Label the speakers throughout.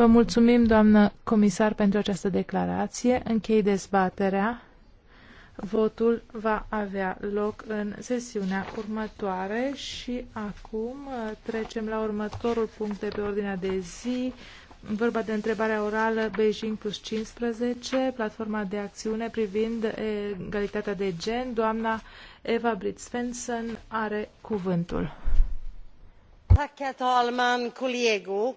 Speaker 1: Vă mulțumim, doamnă comisar, pentru această declarație. Închei dezbaterea. Votul va avea loc în sesiunea următoare și acum uh, trecem la următorul punct de pe ordinea de zi. Vorba de întrebarea orală Beijing plus 15, platforma de acțiune privind eh, egalitatea de gen. Doamna Eva Britt Svensson are cuvântul.
Speaker 2: Tack, herr talman, kollegor.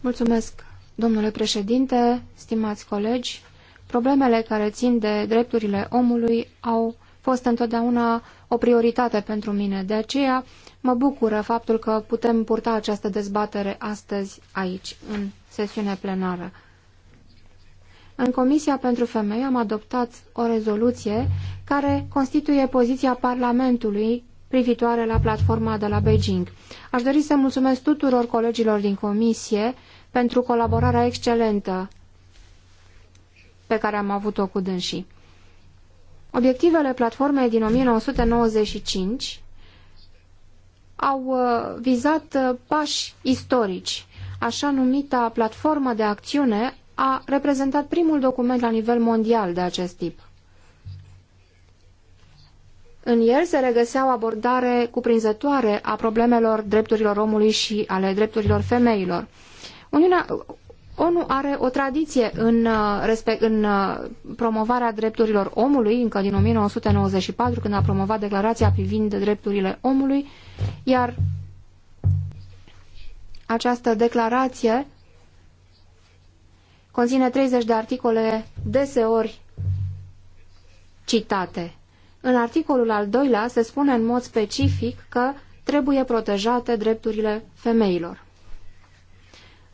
Speaker 3: Mulțumesc, domnule președinte, stimați colegi. Problemele care țin de drepturile omului au fost întotdeauna o prioritate pentru mine. De aceea mă bucură faptul că putem purta această dezbatere astăzi aici, în sesiune plenară. În Comisia pentru Femei am adoptat o rezoluție care constituie poziția Parlamentului privitoare la platforma de la Beijing. Aș dori să mulțumesc tuturor colegilor din comisie pentru colaborarea excelentă pe care am avut-o cu dânsii. Obiectivele platformei din 1995 au uh, vizat uh, pași istorici. Așa numita platformă de acțiune a reprezentat primul document la nivel mondial de acest tip. În el se regăsea o abordare cuprinzătoare a problemelor drepturilor omului și ale drepturilor femeilor. Uniunea, ONU are o tradiție în, uh, în uh, promovarea drepturilor omului, încă din 1994, când a promovat declarația privind drepturile omului, iar această declarație conține 30 de articole deseori citate. În articolul al doilea se spune în mod specific că trebuie protejate drepturile femeilor.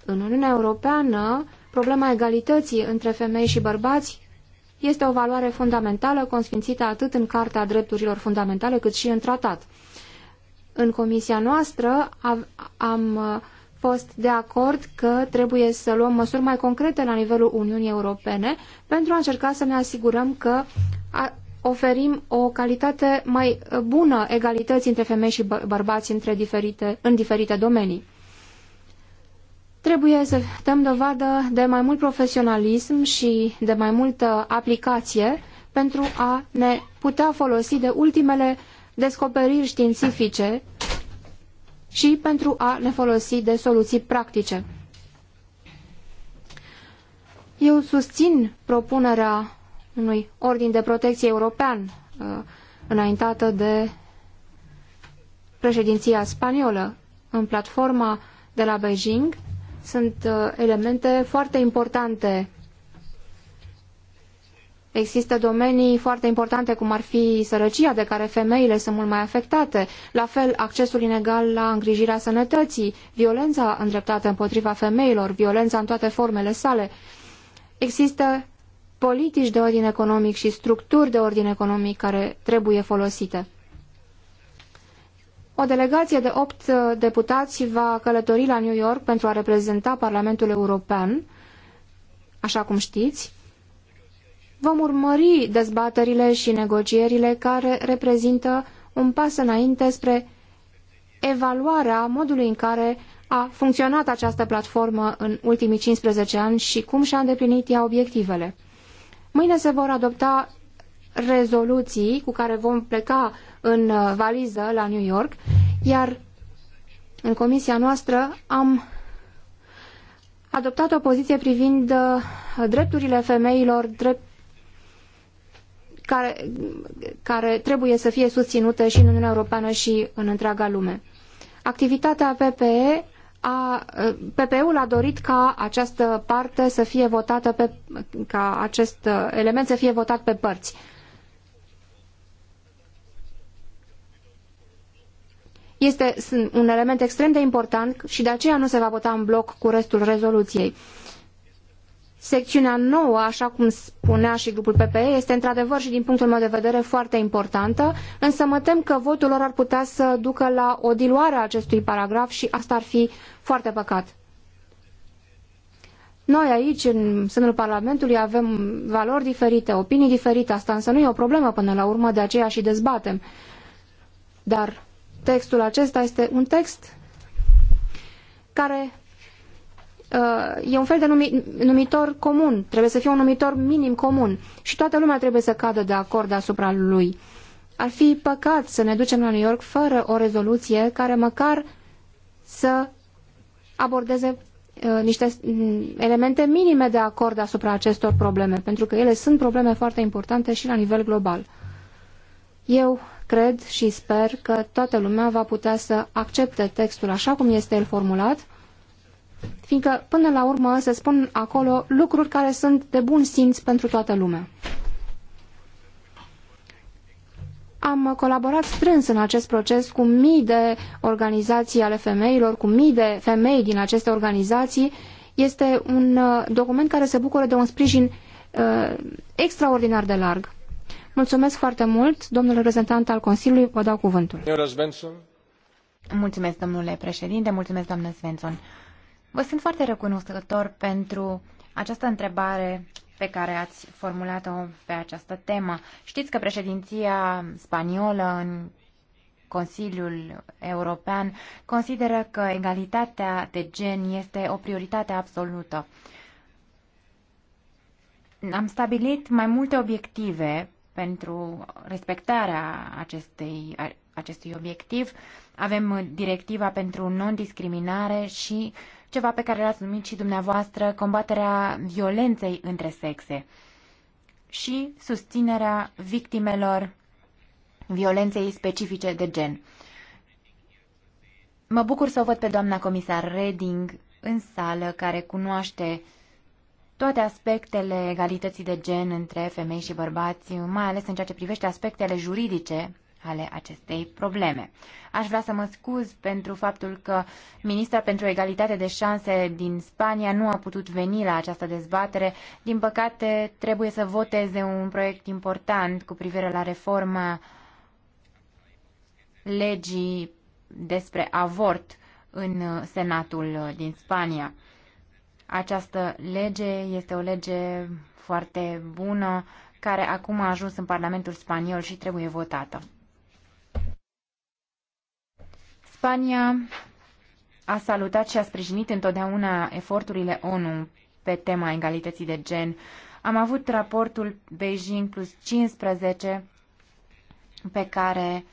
Speaker 3: În Uniunea Europeană, problema egalității între femei și bărbați este o valoare fundamentală consfințită atât în Carta Drepturilor Fundamentale cât și în tratat. În comisia noastră am, am uh, fost de acord că trebuie să luăm măsuri mai concrete la nivelul Uniunii Europene pentru a încerca să ne asigurăm că oferim o calitate mai bună egalității între femei și bă bărbați între diferite, în diferite domenii. Trebuie să dăm dovadă de mai mult profesionalism și de mai multă aplicație pentru a ne putea folosi de ultimele descoperiri științifice și pentru a ne folosi de soluții practice. Eu susțin propunerea unui ordin de protecție european uh, înaintată de președinția spaniolă în platforma de la Beijing sunt uh, elemente foarte importante. Există domenii foarte importante cum ar fi sărăcia, de care femeile sunt mult mai afectate, la fel accesul inegal la îngrijirea sănătății, violența îndreptată împotriva femeilor, violența în toate formele sale. Există politici de ordin economic și structuri de ordin economic care trebuie folosite. O delegație de opt uh, deputați va călători la New York pentru a reprezenta Parlamentul European, așa cum știți. Vom urmări dezbaterile și negocierile care reprezintă un pas înainte spre evaluarea modului în care a funcționat această platformă în ultimii 15 ani și cum și-a îndeplinit ea obiectivele. Mâine se vor adopta rezoluții cu care vom pleca în uh, valiză la New York, iar în comisia noastră am adoptat o poziție privind uh, drepturile femeilor drept care, care trebuie să fie susținute și în Uniunea Europeană și în întreaga lume. Activitatea PPE a, PPE-ul a dorit ca această parte să fie votată pe, ca acest element să fie votat pe părți. Este un element extrem de important și de aceea nu se va vota în bloc cu restul rezoluției. Secțiunea nouă, așa cum spunea și grupul PPE, este într-adevăr și din punctul meu de vedere foarte importantă, însă mă tem că votul lor ar putea să ducă la o diluare a acestui paragraf și asta ar fi foarte păcat. Noi aici, în sânul Parlamentului, avem valori diferite, opinii diferite, asta însă nu e o problemă până la urmă, de aceea și dezbatem. Dar textul acesta este un text care Uh, e un fel de numi, numitor comun, trebuie să fie un numitor minim comun și toată lumea trebuie să cadă de acord asupra lui. Ar fi păcat să ne ducem la New York fără o rezoluție care măcar să abordeze uh, niște elemente minime de acord asupra acestor probleme, pentru că ele sunt probleme foarte importante și la nivel global. Eu cred și sper că toată lumea va putea să accepte textul așa cum este el formulat, fiindcă până la urmă se spun acolo lucruri care sunt de bun simț pentru toată lumea. Am colaborat strâns în acest proces cu mii de organizații ale femeilor, cu mii de femei din aceste organizații. Este un uh, document care se bucură de un sprijin uh, extraordinar de larg.
Speaker 4: Mulțumesc foarte mult, domnule reprezentant al Consiliului, vă dau cuvântul. Mulțumesc, domnule președinte, mulțumesc, doamnă Svensson. Vă sunt foarte recunoscător pentru această întrebare pe care ați formulat-o pe această temă. Știți că președinția spaniolă în Consiliul European consideră că egalitatea de gen este o prioritate absolută. Am stabilit mai multe obiective pentru respectarea acestei, acestui obiectiv. Avem directiva pentru non-discriminare și uh, ceva pe care l-ați numit și dumneavoastră combaterea violenței între sexe și susținerea victimelor violenței specifice de gen. Mă bucur să o văd pe doamna comisar Reding în sală, care cunoaște toate aspectele egalității de gen între femei și bărbați, mai ales în ceea ce privește aspectele juridice ale acestei probleme. Aș vrea să mă scuz pentru faptul că ministra pentru egalitate de șanse din Spania nu a putut veni la această dezbatere. Din păcate, trebuie să voteze un proiect important cu privire la reforma legii despre avort în Senatul din Spania. Această lege este o lege foarte bună care acum a ajuns în Parlamentul spaniol și trebuie votată. Spania a salutat i a sprijinit întotdeauna eforturile ONU pe tema egalității de gen. Am avut raportul Beijing plus 15 pe care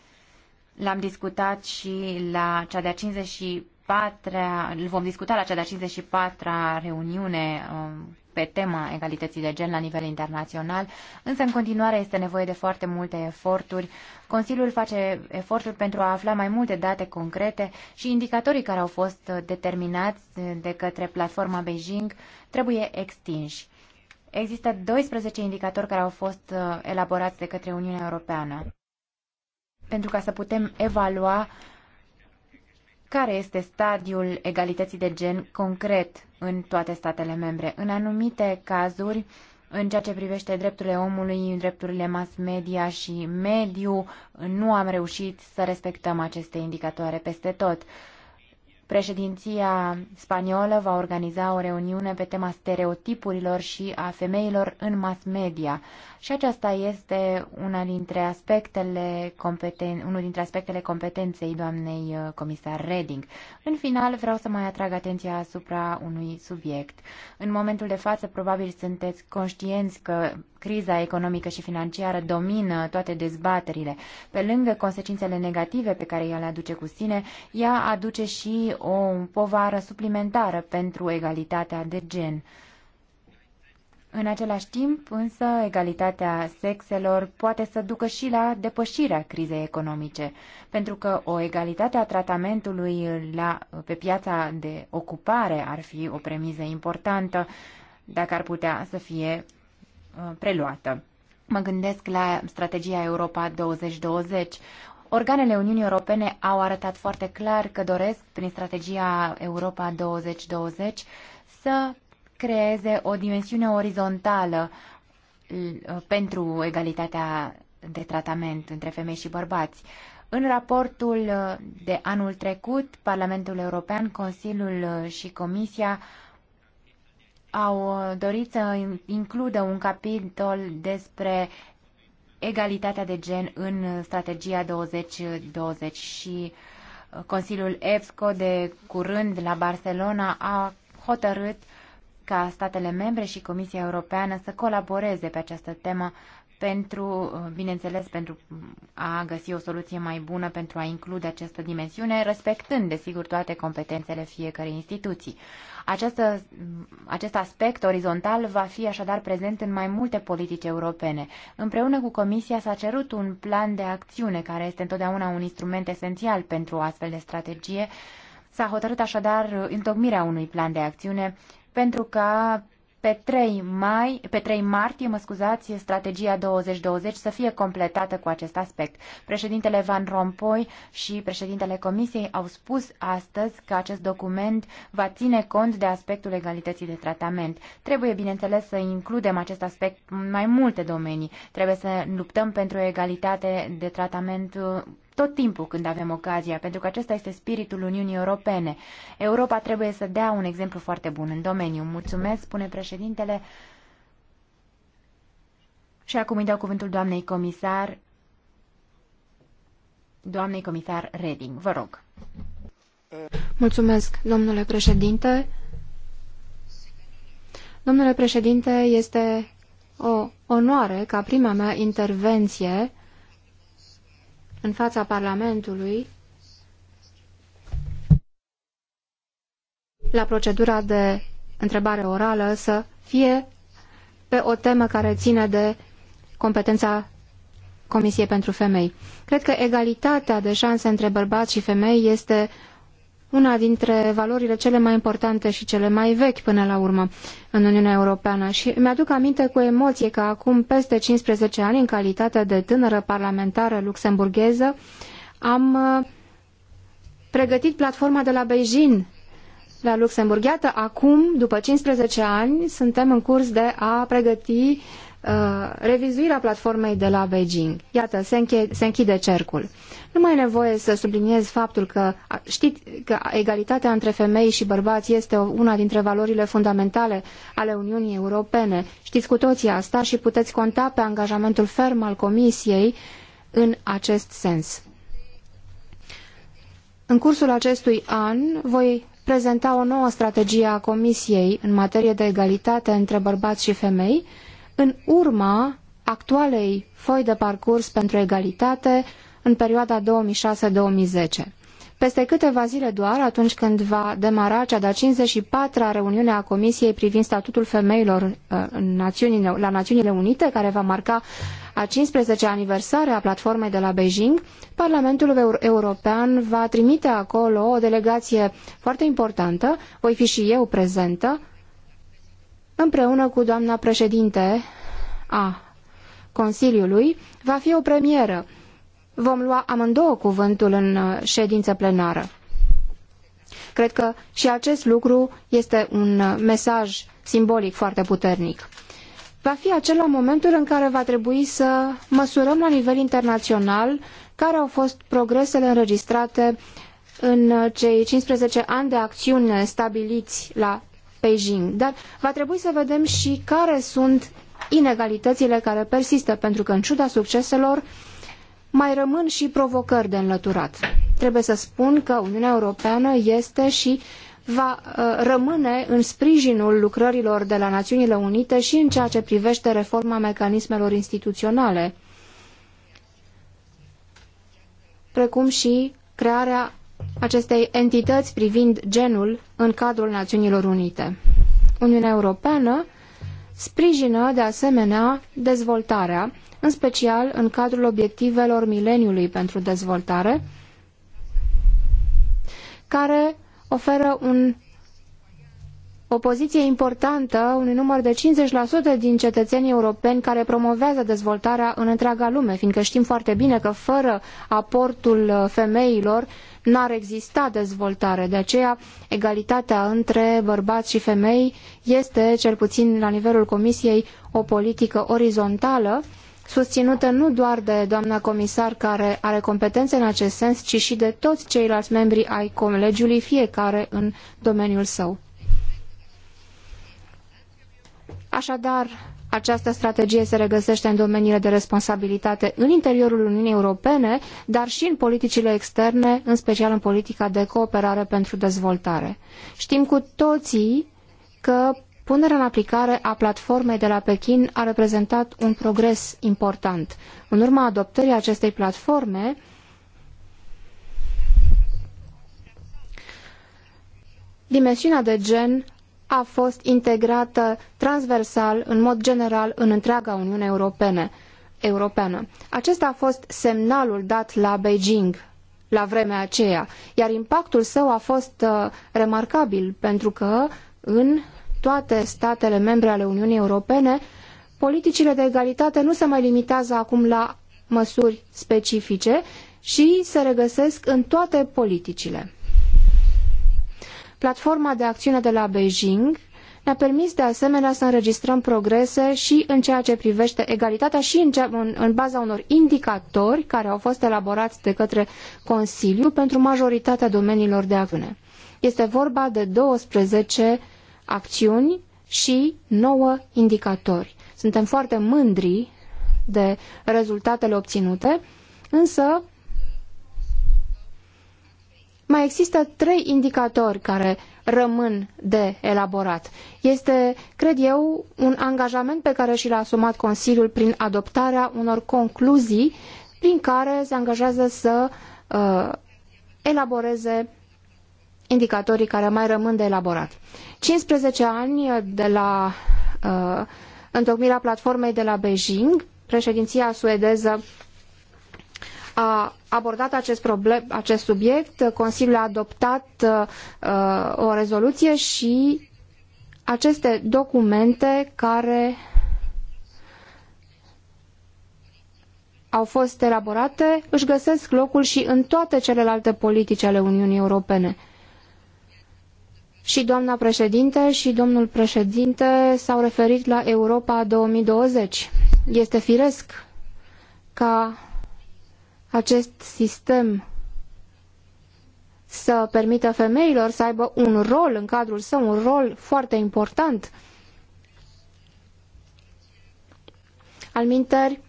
Speaker 4: l-am discutat și la cea de-a 54 îl vom discuta la cea de-a 54-a reuniune um, pe tema egalității de gen la nivel internațional, însă în continuare este nevoie de foarte multe eforturi. Consiliul face eforturi pentru a afla mai multe date concrete și indicatorii care au fost determinați de către platforma Beijing trebuie extinși. Există 12 indicatori care au fost uh, elaborați de către Uniunea Europeană pentru ca să putem evalua care este stadiul egalității de gen concret în toate statele membre. În anumite cazuri, în ceea ce privește drepturile omului, drepturile mass media și mediu, nu am reușit să respectăm aceste indicatoare peste tot. Președinția spaniolă va organiza o reuniune pe tema stereotipurilor și a femeilor în mass media. Și aceasta este una dintre aspectele competen- unul dintre aspectele competenței doamnei uh, comisar Reding. În final, vreau să mai atrag atenția asupra unui subiect. În momentul de față, probabil sunteți conștienți că criza economică și financiară domină toate dezbaterile. Pe lângă consecințele negative pe care ea le aduce cu sine, ea aduce și o povară suplimentară pentru egalitatea de gen. În același timp, însă, egalitatea sexelor poate să ducă și la depășirea crizei economice, pentru că o egalitate a tratamentului la, pe piața de ocupare ar fi o premiză importantă dacă ar putea să fie uh, preluată. Mă gândesc la strategia Europa 2020, Organele Uniunii Europene au arătat foarte clar că doresc, prin strategia Europa 2020, să creeze o dimensiune orizontală pentru egalitatea de tratament între femei și bărbați. În raportul de anul trecut, Parlamentul European, Consiliul și Comisia au dorit să includă un capitol despre egalitatea de gen în strategia 2020 și uh, Consiliul EPSCO de curând la Barcelona a hotărât ca statele membre și Comisia Europeană să colaboreze pe această temă pentru, uh, bineînțeles, pentru a găsi o soluție mai bună pentru a include această dimensiune, respectând, desigur, toate competențele fiecărei instituții. Această, acest aspect orizontal va fi așadar prezent în mai multe politici europene. Împreună cu Comisia s-a cerut un plan de acțiune, care este întotdeauna un instrument esențial pentru o astfel de strategie. S-a hotărât așadar întocmirea unui plan de acțiune pentru ca pe 3, mai, pe 3 martie, mă scuzați, strategia 2020 să fie completată cu acest aspect. Președintele Van Rompuy și președintele Comisiei au spus astăzi că acest document va ține cont de aspectul egalității de tratament. Trebuie, bineînțeles, să includem acest aspect în mai multe domenii. Trebuie să luptăm pentru o egalitate de tratament tot timpul când avem ocazia, pentru că acesta este spiritul Uniunii Europene. Europa trebuie să dea un exemplu foarte bun în domeniu. Mulțumesc, spune președintele. Și acum îi dau cuvântul doamnei comisar, doamnei comisar Reding. Vă rog.
Speaker 3: Mulțumesc, domnule președinte. Domnule președinte, este o onoare ca prima mea intervenție în fața Parlamentului la procedura de întrebare orală să fie pe o temă care ține de competența Comisiei pentru Femei. Cred că egalitatea de șanse între bărbați și femei este una dintre valorile cele mai importante și cele mai vechi până la urmă în Uniunea Europeană și mi-aduc aminte cu emoție că acum peste 15 ani, în calitate de tânără parlamentară luxemburgheză, am uh, pregătit platforma de la Beijing la Luxemburg. Iată, acum, după 15 ani, suntem în curs de a pregăti Uh, revizuirea platformei de la Beijing. Iată, se, înche- se închide cercul. Nu mai e nevoie să subliniez faptul că știți că egalitatea între femei și bărbați este una dintre valorile fundamentale ale Uniunii Europene. Știți cu toții asta și puteți conta pe angajamentul ferm al Comisiei în acest sens. În cursul acestui an voi prezenta o nouă strategie a Comisiei în materie de egalitate între bărbați și femei, în urma actualei foi de parcurs pentru egalitate în perioada 2006-2010. Peste câteva zile doar, atunci când va demara cea de-a 54-a reuniune a Comisiei privind statutul femeilor uh, în Națiunile, la Națiunile Unite, care va marca a 15-a aniversare a platformei de la Beijing, Parlamentul European va trimite acolo o delegație foarte importantă, voi fi și eu prezentă, împreună cu doamna președinte a Consiliului, va fi o premieră. Vom lua amândouă cuvântul în uh, ședință plenară. Cred că și acest lucru este un uh, mesaj simbolic foarte puternic. Va fi acela momentul în care va trebui să măsurăm la nivel internațional care au fost progresele înregistrate în uh, cei 15 ani de acțiune stabiliți la Beijing. Dar va trebui să vedem și care sunt inegalitățile care persistă, pentru că în ciuda succeselor mai rămân și provocări de înlăturat. Trebuie să spun că Uniunea Europeană este și va uh, rămâne în sprijinul lucrărilor de la Națiunile Unite și în ceea ce privește reforma mecanismelor instituționale, precum și crearea acestei entități privind genul în cadrul Națiunilor Unite. Uniunea Europeană sprijină, de asemenea, dezvoltarea, în special în cadrul obiectivelor mileniului pentru dezvoltare, care oferă un o poziție importantă unui număr de 50% din cetățenii europeni care promovează dezvoltarea în întreaga lume, fiindcă știm foarte bine că fără aportul uh, femeilor n-ar exista dezvoltare. De aceea, egalitatea între bărbați și femei este, cel puțin la nivelul Comisiei, o politică orizontală, susținută nu doar de doamna comisar care are competențe în acest sens, ci și de toți ceilalți membri ai colegiului, fiecare în domeniul său. Așadar, această strategie se regăsește în domeniile de responsabilitate în interiorul Uniunii Europene, dar și în politicile externe, în special în politica de cooperare pentru dezvoltare. Știm cu toții că punerea în aplicare a platformei de la Pekin a reprezentat un progres important. În urma adoptării acestei platforme, dimensiunea de gen a fost integrată transversal, în mod general, în întreaga Uniune Europene, Europeană. Acesta a fost semnalul dat la Beijing la vremea aceea, iar impactul său a fost uh, remarcabil pentru că în toate statele membre ale Uniunii Europene, politicile de egalitate nu se mai limitează acum la măsuri specifice și se regăsesc în toate politicile. Platforma de acțiune de la Beijing ne-a permis de asemenea să înregistrăm progrese și în ceea ce privește egalitatea și în, cea, în, în baza unor indicatori care au fost elaborați de către Consiliu pentru majoritatea domeniilor de acțiune. Este vorba de 12 acțiuni și 9 indicatori. Suntem foarte mândri de rezultatele obținute, însă mai există trei indicatori care rămân de elaborat. Este, cred eu, un angajament pe care și l-a asumat Consiliul prin adoptarea unor concluzii prin care se angajează să uh, elaboreze indicatorii care mai rămân de elaborat. 15 ani de la uh, întocmirea platformei de la Beijing, președinția suedeză a abordat acest, problem, acest subiect, Consiliul a adoptat uh, uh, o rezoluție și aceste documente care au fost elaborate își găsesc locul și în toate celelalte politici ale Uniunii Europene. Și doamna președinte și domnul președinte s-au referit la Europa 2020. Este firesc ca acest sistem să permită femeilor să aibă un rol în cadrul său, un rol foarte important. Alminteri,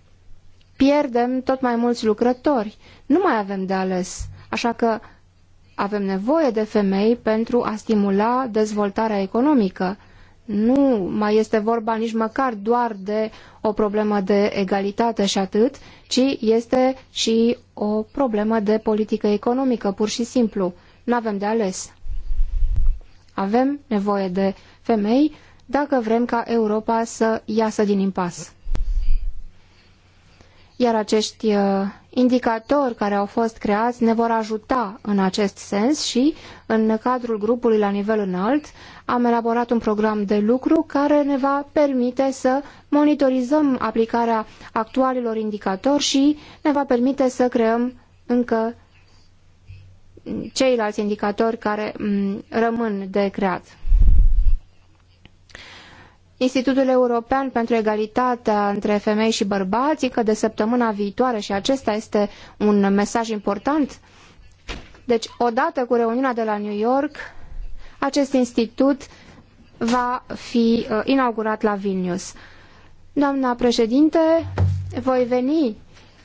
Speaker 3: pierdem tot mai mulți lucrători. Nu mai avem de ales. Așa că avem nevoie de femei pentru a stimula dezvoltarea economică. Nu mai este vorba nici măcar doar de o problemă de egalitate și atât, ci este și o problemă de politică economică, pur și simplu. Nu avem de ales. Avem nevoie de femei dacă vrem ca Europa să iasă din impas iar acești uh, indicatori care au fost creați ne vor ajuta în acest sens și, în cadrul grupului la nivel înalt, am elaborat un program de lucru care ne va permite să monitorizăm aplicarea actualilor indicatori și ne va permite să creăm încă ceilalți indicatori care mm, rămân de creat. Institutul European pentru Egalitatea între Femei și Bărbați, încă de săptămâna viitoare și acesta este un mesaj important. Deci, odată cu reuniunea de la New York, acest institut va fi uh, inaugurat la Vilnius. Doamna președinte, voi veni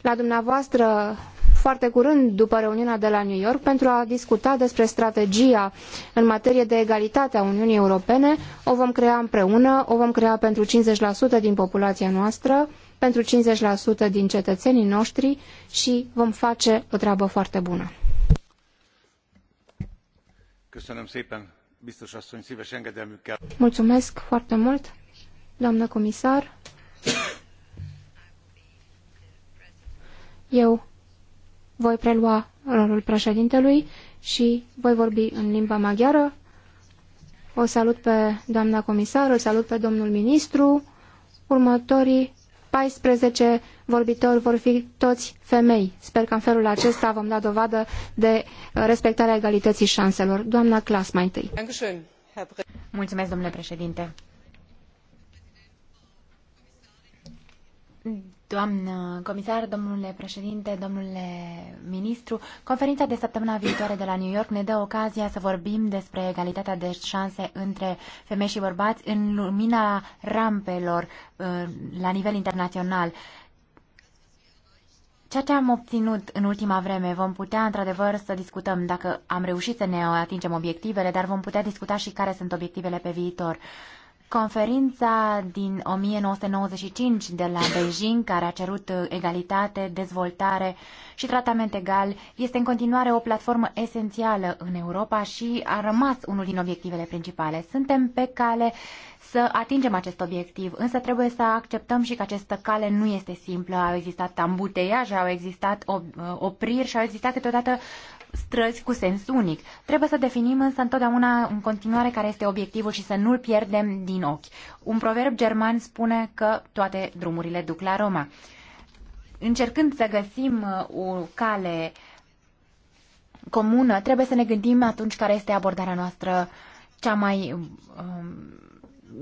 Speaker 3: la dumneavoastră foarte curând după reuniunea de la New York pentru a discuta despre strategia în materie de egalitate a Uniunii Europene. O vom crea împreună, o vom crea pentru 50% din populația noastră, pentru 50% din cetățenii noștri și vom face o treabă foarte bună. Mulțumesc foarte mult, doamnă comisar. Eu voi prelua rolul președintelui și voi vorbi în limba maghiară. O salut pe doamna comisar, o salut pe domnul ministru. Următorii 14 vorbitori vor fi toți femei. Sper că în felul acesta vom da dovadă de respectarea egalității șanselor. Doamna Clas, mai întâi.
Speaker 4: Mulțumesc, domnule președinte. Doamnă comisar, domnule președinte, domnule ministru, conferința de săptămâna viitoare de la New York ne dă ocazia să vorbim despre egalitatea de șanse între femei și bărbați în lumina rampelor uh, la nivel internațional. Ceea ce am obținut în ultima vreme, vom putea într-adevăr să discutăm dacă am reușit să ne atingem obiectivele, dar vom putea discuta și care sunt obiectivele pe viitor. Conferința din 1995 de la Beijing, care a cerut uh, egalitate, dezvoltare și tratament egal, este în continuare o platformă esențială în Europa și a rămas unul din obiectivele principale. Suntem pe cale să atingem acest obiectiv, însă trebuie să acceptăm și că această cale nu este simplă. Au existat ambuteiaje, au existat uh, opriri și au existat câteodată străzi cu sens unic. Trebuie să definim însă întotdeauna în continuare care este obiectivul și să nu-l pierdem din ochi. Un proverb german spune că toate drumurile duc la Roma. Încercând să găsim uh, o cale comună, trebuie să ne gândim atunci care este abordarea noastră cea mai um,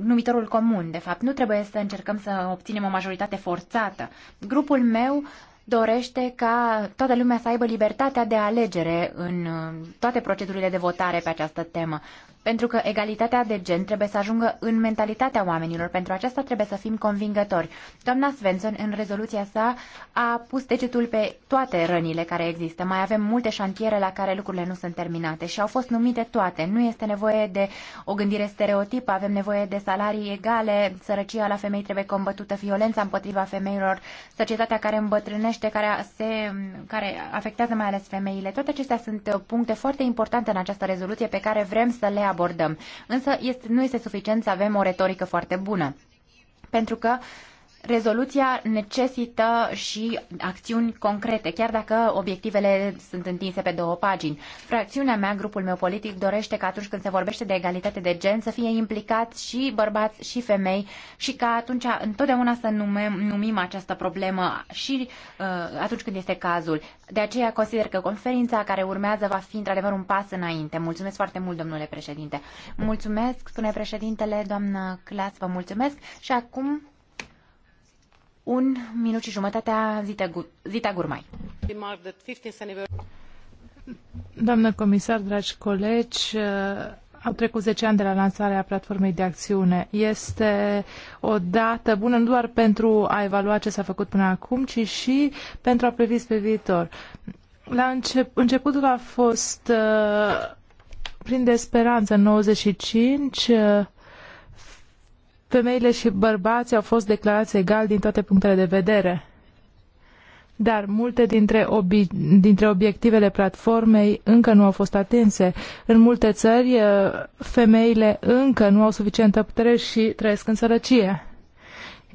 Speaker 4: numitorul comun, de fapt. Nu trebuie să încercăm să obținem o majoritate forțată. Grupul meu dorește ca toată lumea să aibă libertatea de alegere în uh, toate procedurile de votare pe această temă. Pentru că egalitatea de gen trebuie să ajungă în mentalitatea oamenilor. Pentru aceasta trebuie să fim convingători. Doamna Svensson, în rezoluția sa, a pus degetul pe toate rănile care există. Mai avem multe șantiere la care lucrurile nu sunt terminate și au fost numite toate. Nu este nevoie de o gândire stereotipă, avem nevoie de salarii egale, sărăcia la femei trebuie combătută, violența împotriva femeilor, societatea care îmbătrânește, care, se, care afectează mai ales femeile. Toate acestea sunt puncte foarte importante în această rezoluție pe care vrem să le abordăm abordăm. Însă este, nu este suficient să avem o retorică foarte bună. Pentru că Rezoluția necesită și acțiuni concrete, chiar dacă obiectivele sunt întinse pe două pagini. Fracțiunea mea, grupul meu politic, dorește că atunci când se vorbește de egalitate de gen să fie implicați și bărbați și femei și ca atunci întotdeauna să numem, numim această problemă și uh, atunci când este cazul. De aceea consider că conferința care urmează va fi într-adevăr un pas înainte. Mulțumesc foarte mult, domnule președinte. Mulțumesc, spune președintele, doamnă Clas, vă mulțumesc și acum un minut și jumătatea Zita, Zita Gurmai. Doamnă comisar,
Speaker 1: dragi colegi, uh, au trecut zece ani de la lansarea platformei de acțiune. Este o dată bună nu doar pentru a evalua ce s-a făcut până acum, ci și pentru a previ pe viitor. La încep, începutul a fost uh, plin de speranță în 95. Uh, femeile și bărbații au fost declarați egal din toate punctele de vedere. Dar multe dintre, obi- dintre obiectivele platformei încă nu au fost atinse. În multe țări, uh, femeile încă nu au suficientă putere și trăiesc în sărăcie.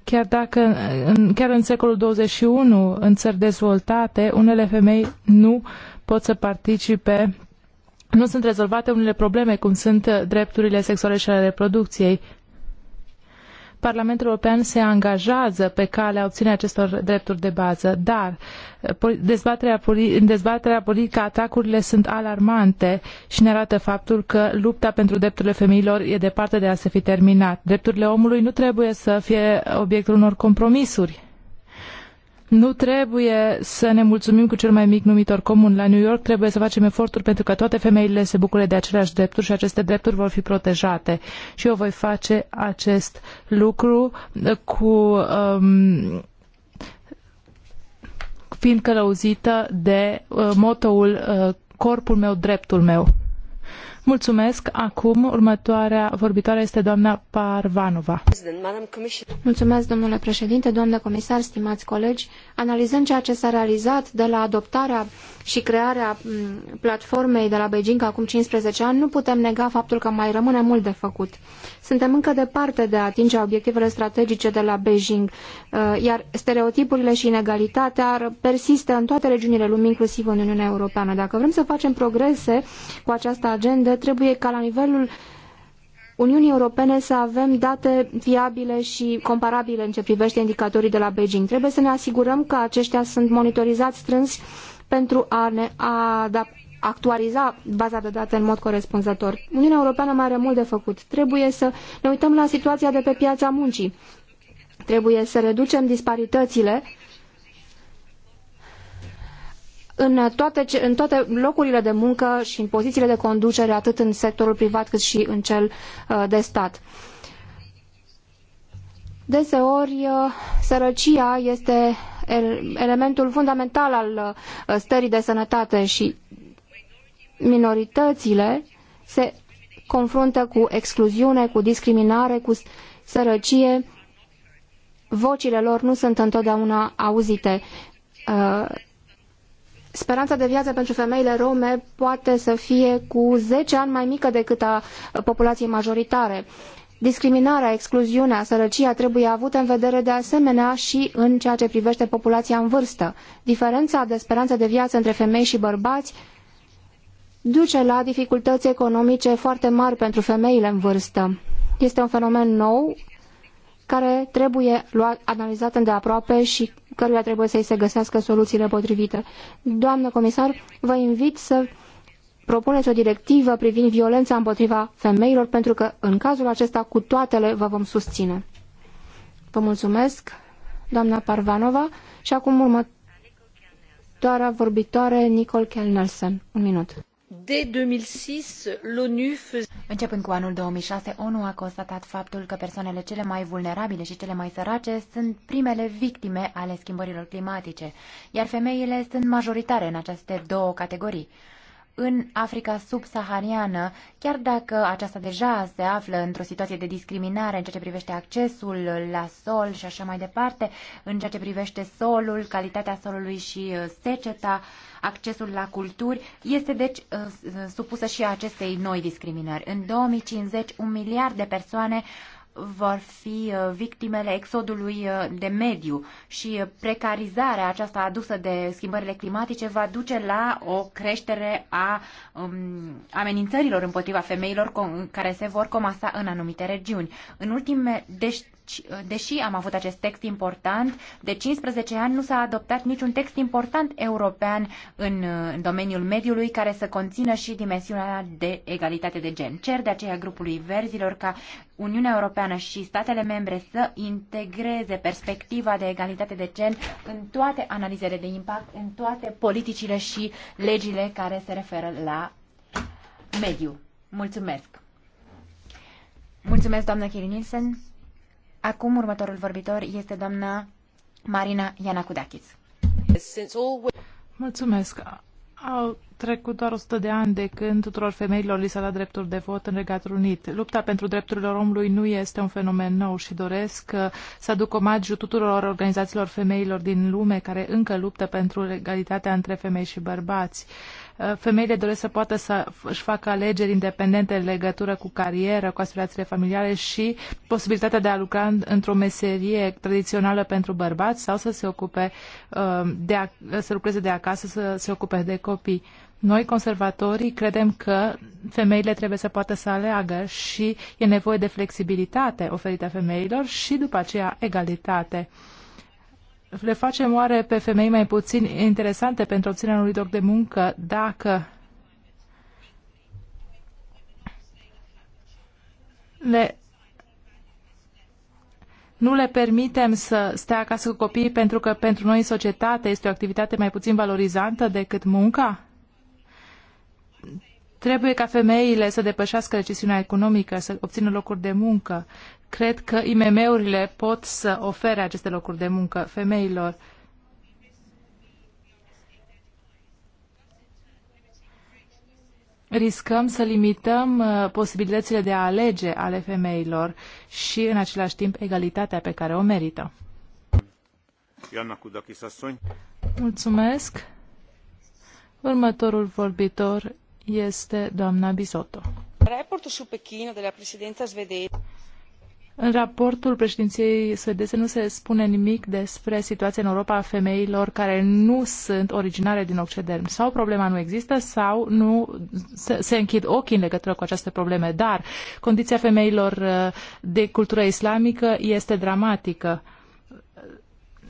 Speaker 1: Chiar, dacă, uh, în, chiar în secolul 21, în țări dezvoltate, unele femei nu pot să participe, nu sunt rezolvate unele probleme, cum sunt uh, drepturile sexuale și ale reproducției Parlamentul European se angajează pe calea obținerii acestor drepturi de bază, dar eh, dezbaterea, în dezbaterea politică atacurile sunt alarmante și ne arată faptul că lupta pentru drepturile femeilor e departe de a se fi terminat. Drepturile omului nu trebuie să fie obiectul unor compromisuri nu trebuie să ne mulțumim cu cel mai mic numitor comun. La New York trebuie să facem eforturi pentru că toate femeile se bucure de aceleași drepturi și aceste drepturi vor fi protejate. Și eu voi face acest lucru uh, cu... Um, fiind călăuzită de uh, motoul uh, corpul meu, dreptul meu. Mulțumesc. Acum, următoarea vorbitoare este doamna Parvanova.
Speaker 3: Mulțumesc, domnule președinte, doamnă comisar, stimați colegi. Analizând ceea ce s-a realizat de la adoptarea și crearea mm, platformei de la Beijing acum 15 ani, nu putem nega faptul că mai rămâne mult de făcut. Suntem încă departe de a atinge obiectivele strategice de la Beijing, uh, iar stereotipurile și inegalitatea persistă în toate regiunile lumii, inclusiv în Uniunea Europeană. Dacă vrem să facem progrese cu această agendă, trebuie ca la nivelul Uniunii Europene să avem date fiabile și comparabile în ceea ce privește indicatorii de la Beijing. Trebuie să ne asigurăm că aceștia sunt monitorizați strâns pentru a ne adapta actualiza baza de date în mod corespunzător. Uniunea Europeană mai are mult de făcut. Trebuie să ne uităm la situația de pe piața muncii. Trebuie să reducem disparitățile uh, în toate, în toate locurile de muncă și în pozițiile de conducere, atât în sectorul privat cât și în cel uh, de stat. Deseori, uh, sărăcia este elementul fundamental al uh, stării de sănătate și minoritățile se confruntă cu excluziune, cu discriminare, cu sărăcie. Vocile lor nu sunt întotdeauna auzite speranța de viață pentru femeile rome poate să fie cu zece ani mai mică decât a populației majoritare. Discriminarea, excluziunea, sărăcia trebuie avute în vedere de asemenea și în ceea ce privește populația în vârstă. Diferența de speranță de viață între femei și bărbați duce la dificultăți economice foarte mari pentru femeile în vârstă. Este un fenomen nou care trebuie luat, analizat îndeaproape și căruia trebuie să-i se găsească soluțiile potrivite. Doamnă comisar, vă invit să propuneți o directivă privind violența împotriva femeilor, pentru că în cazul acesta cu toatele vă vom susține. Vă mulțumesc, doamna Parvanova, și acum următoarea vorbitoare, Nicol Kelnersen. Un minut.
Speaker 4: Începând cu anul 2006, ONU a constatat faptul că persoanele cele mai vulnerabile și cele mai sărace sunt primele victime ale schimbărilor climatice, iar femeile sunt majoritare în aceste două categorii în Africa subsahariană, chiar dacă aceasta deja se află într-o situație de discriminare în ceea ce privește accesul la sol și așa mai departe, în ceea ce privește solul, calitatea solului și uh, seceta, accesul la culturi, este deci uh, uh, supusă și acestei noi discriminări. În 2050, un miliard de persoane vor fi uh, victimele exodului uh, de mediu și uh, precarizarea aceasta adusă de schimbările climatice va duce la o creștere a um, amenințărilor împotriva femeilor care se vor comasa în anumite regiuni. În ultime, deci Uh, deși am avut acest text important, de 15 ani nu s-a adoptat niciun text important european în, uh, în domeniul mediului care să conțină și dimensiunea de egalitate de gen. Cer de aceea grupului verzilor ca Uniunea Europeană și statele membre să integreze perspectiva de egalitate de gen în toate analizele de impact, în toate politicile și legile care se referă la mediu. Mulțumesc! Mulțumesc, doamnă Kiri Nielsen. Acum următorul vorbitor este doamna Marina Ianacudachis. Mulțumesc.
Speaker 1: Au trecut doar 100 de ani de când tuturor femeilor li s-a dat dreptul de vot în Regatul Unit. Lupta pentru drepturile omului nu este un fenomen nou și doresc uh, să aduc omagiu tuturor organizațiilor femeilor din lume care încă luptă pentru egalitatea între femei și bărbați. Uh, femeile doresc să poată să își facă alegeri independente în legătură cu carieră, cu aspirațiile familiale și posibilitatea de a lucra într-o meserie tradițională pentru bărbați sau să se ocupe uh, de a, să lucreze de acasă, să se ocupe de copii. Noi, conservatorii, credem că femeile trebuie să poată să aleagă și e nevoie de flexibilitate oferită femeilor și după aceea egalitate le facem oare pe femei mai puțin interesante pentru obținerea unui loc de muncă dacă le nu le permitem să stea acasă cu copiii pentru că pentru noi societatea este o activitate mai puțin valorizantă decât munca? Trebuie ca femeile să depășească recesiunea economică, să obțină locuri de muncă. Cred că IMM-urile pot să ofere aceste locuri de muncă femeilor. riscăm să limităm uh, posibilitățile de a alege ale femeilor și, în același timp, egalitatea pe care o merită. Mulțumesc. Următorul vorbitor este doamna Bisotto.
Speaker 5: Raportul sub Pechino de la președința svedeză.
Speaker 1: În raportul președinției suedeze nu se spune nimic despre situația în Europa a femeilor care nu sunt originare din Occident. Sau problema nu există, sau nu se, se închid ochii în legătură cu aceste probleme. Dar condiția femeilor uh, de cultură islamică este dramatică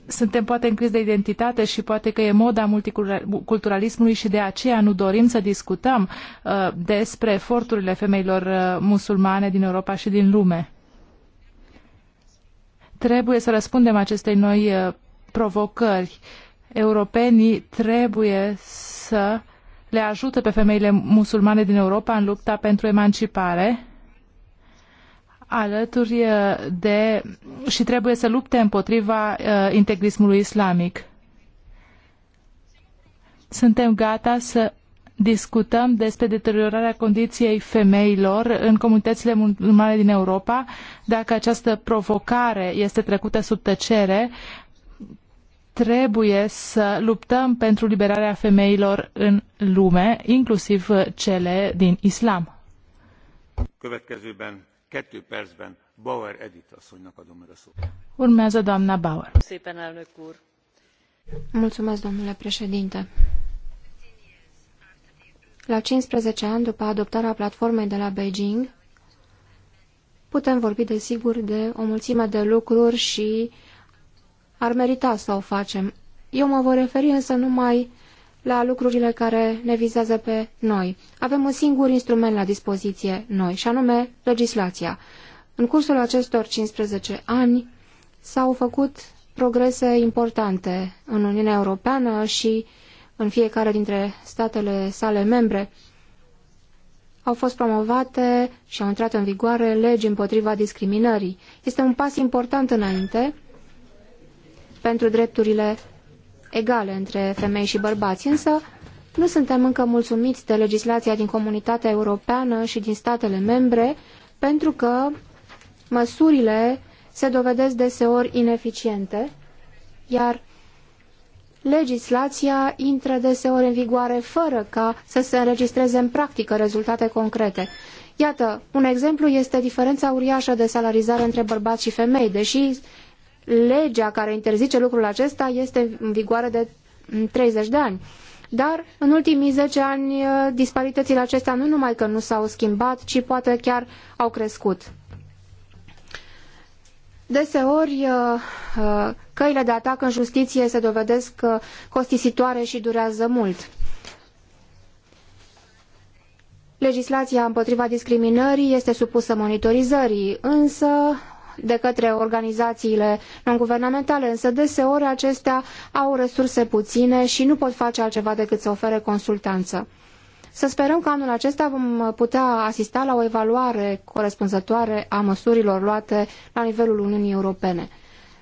Speaker 1: suntem poate în criză de identitate și poate că e moda multiculturalismului și de aceea nu dorim să discutăm uh, despre eforturile femeilor uh, musulmane din Europa și din lume. Trebuie să răspundem acestei noi uh, provocări. Europenii trebuie să le ajute pe femeile musulmane din Europa în lupta pentru emancipare alături uh, de și trebuie să lupte împotriva uh, integrismului islamic. Suntem gata să discutăm despre deteriorarea condiției femeilor în comunitățile musulmane din Europa, dacă această provocare este trecută sub tăcere, trebuie să luptăm pentru liberarea femeilor în lume, inclusiv cele din islam.
Speaker 6: Bauer Urmează doamna Bauer.
Speaker 3: Mulțumesc, domnule președinte la 15 ani după adoptarea platformei de la Beijing, putem vorbi, desigur, de o mulțime de lucruri și ar merita să o facem. Eu mă voi referi însă numai la lucrurile care ne vizează pe noi. Avem un singur instrument la dispoziție noi, și anume legislația. În cursul acestor 15 ani s-au făcut progrese importante în Uniunea Europeană și în fiecare dintre statele sale membre. Au fost promovate și au intrat în vigoare legi împotriva discriminării. Este un pas important înainte pentru drepturile egale între femei și bărbați, însă nu suntem încă mulțumiți de legislația din comunitatea europeană și din statele membre, pentru că măsurile se dovedesc deseori ineficiente, iar legislația intră deseori în vigoare fără ca să se înregistreze în practică rezultate concrete. Iată, un exemplu este diferența uriașă de salarizare între bărbați și femei, deși legea care interzice lucrul acesta este în vigoare de 30 de ani. Dar în ultimii zece ani disparitățile acestea nu numai că nu s-au schimbat, ci poate chiar au crescut. Deseori, uh, uh, căile de atac în justiție se dovedesc uh, costisitoare și durează mult. Legislația împotriva discriminării este supusă monitorizării, însă de către organizațiile non-guvernamentale, însă deseori acestea au resurse puține și nu pot face altceva decât să ofere consultanță. Să sperăm că anul acesta vom putea asista la o evaluare corespunzătoare a măsurilor luate la nivelul Uniunii Europene.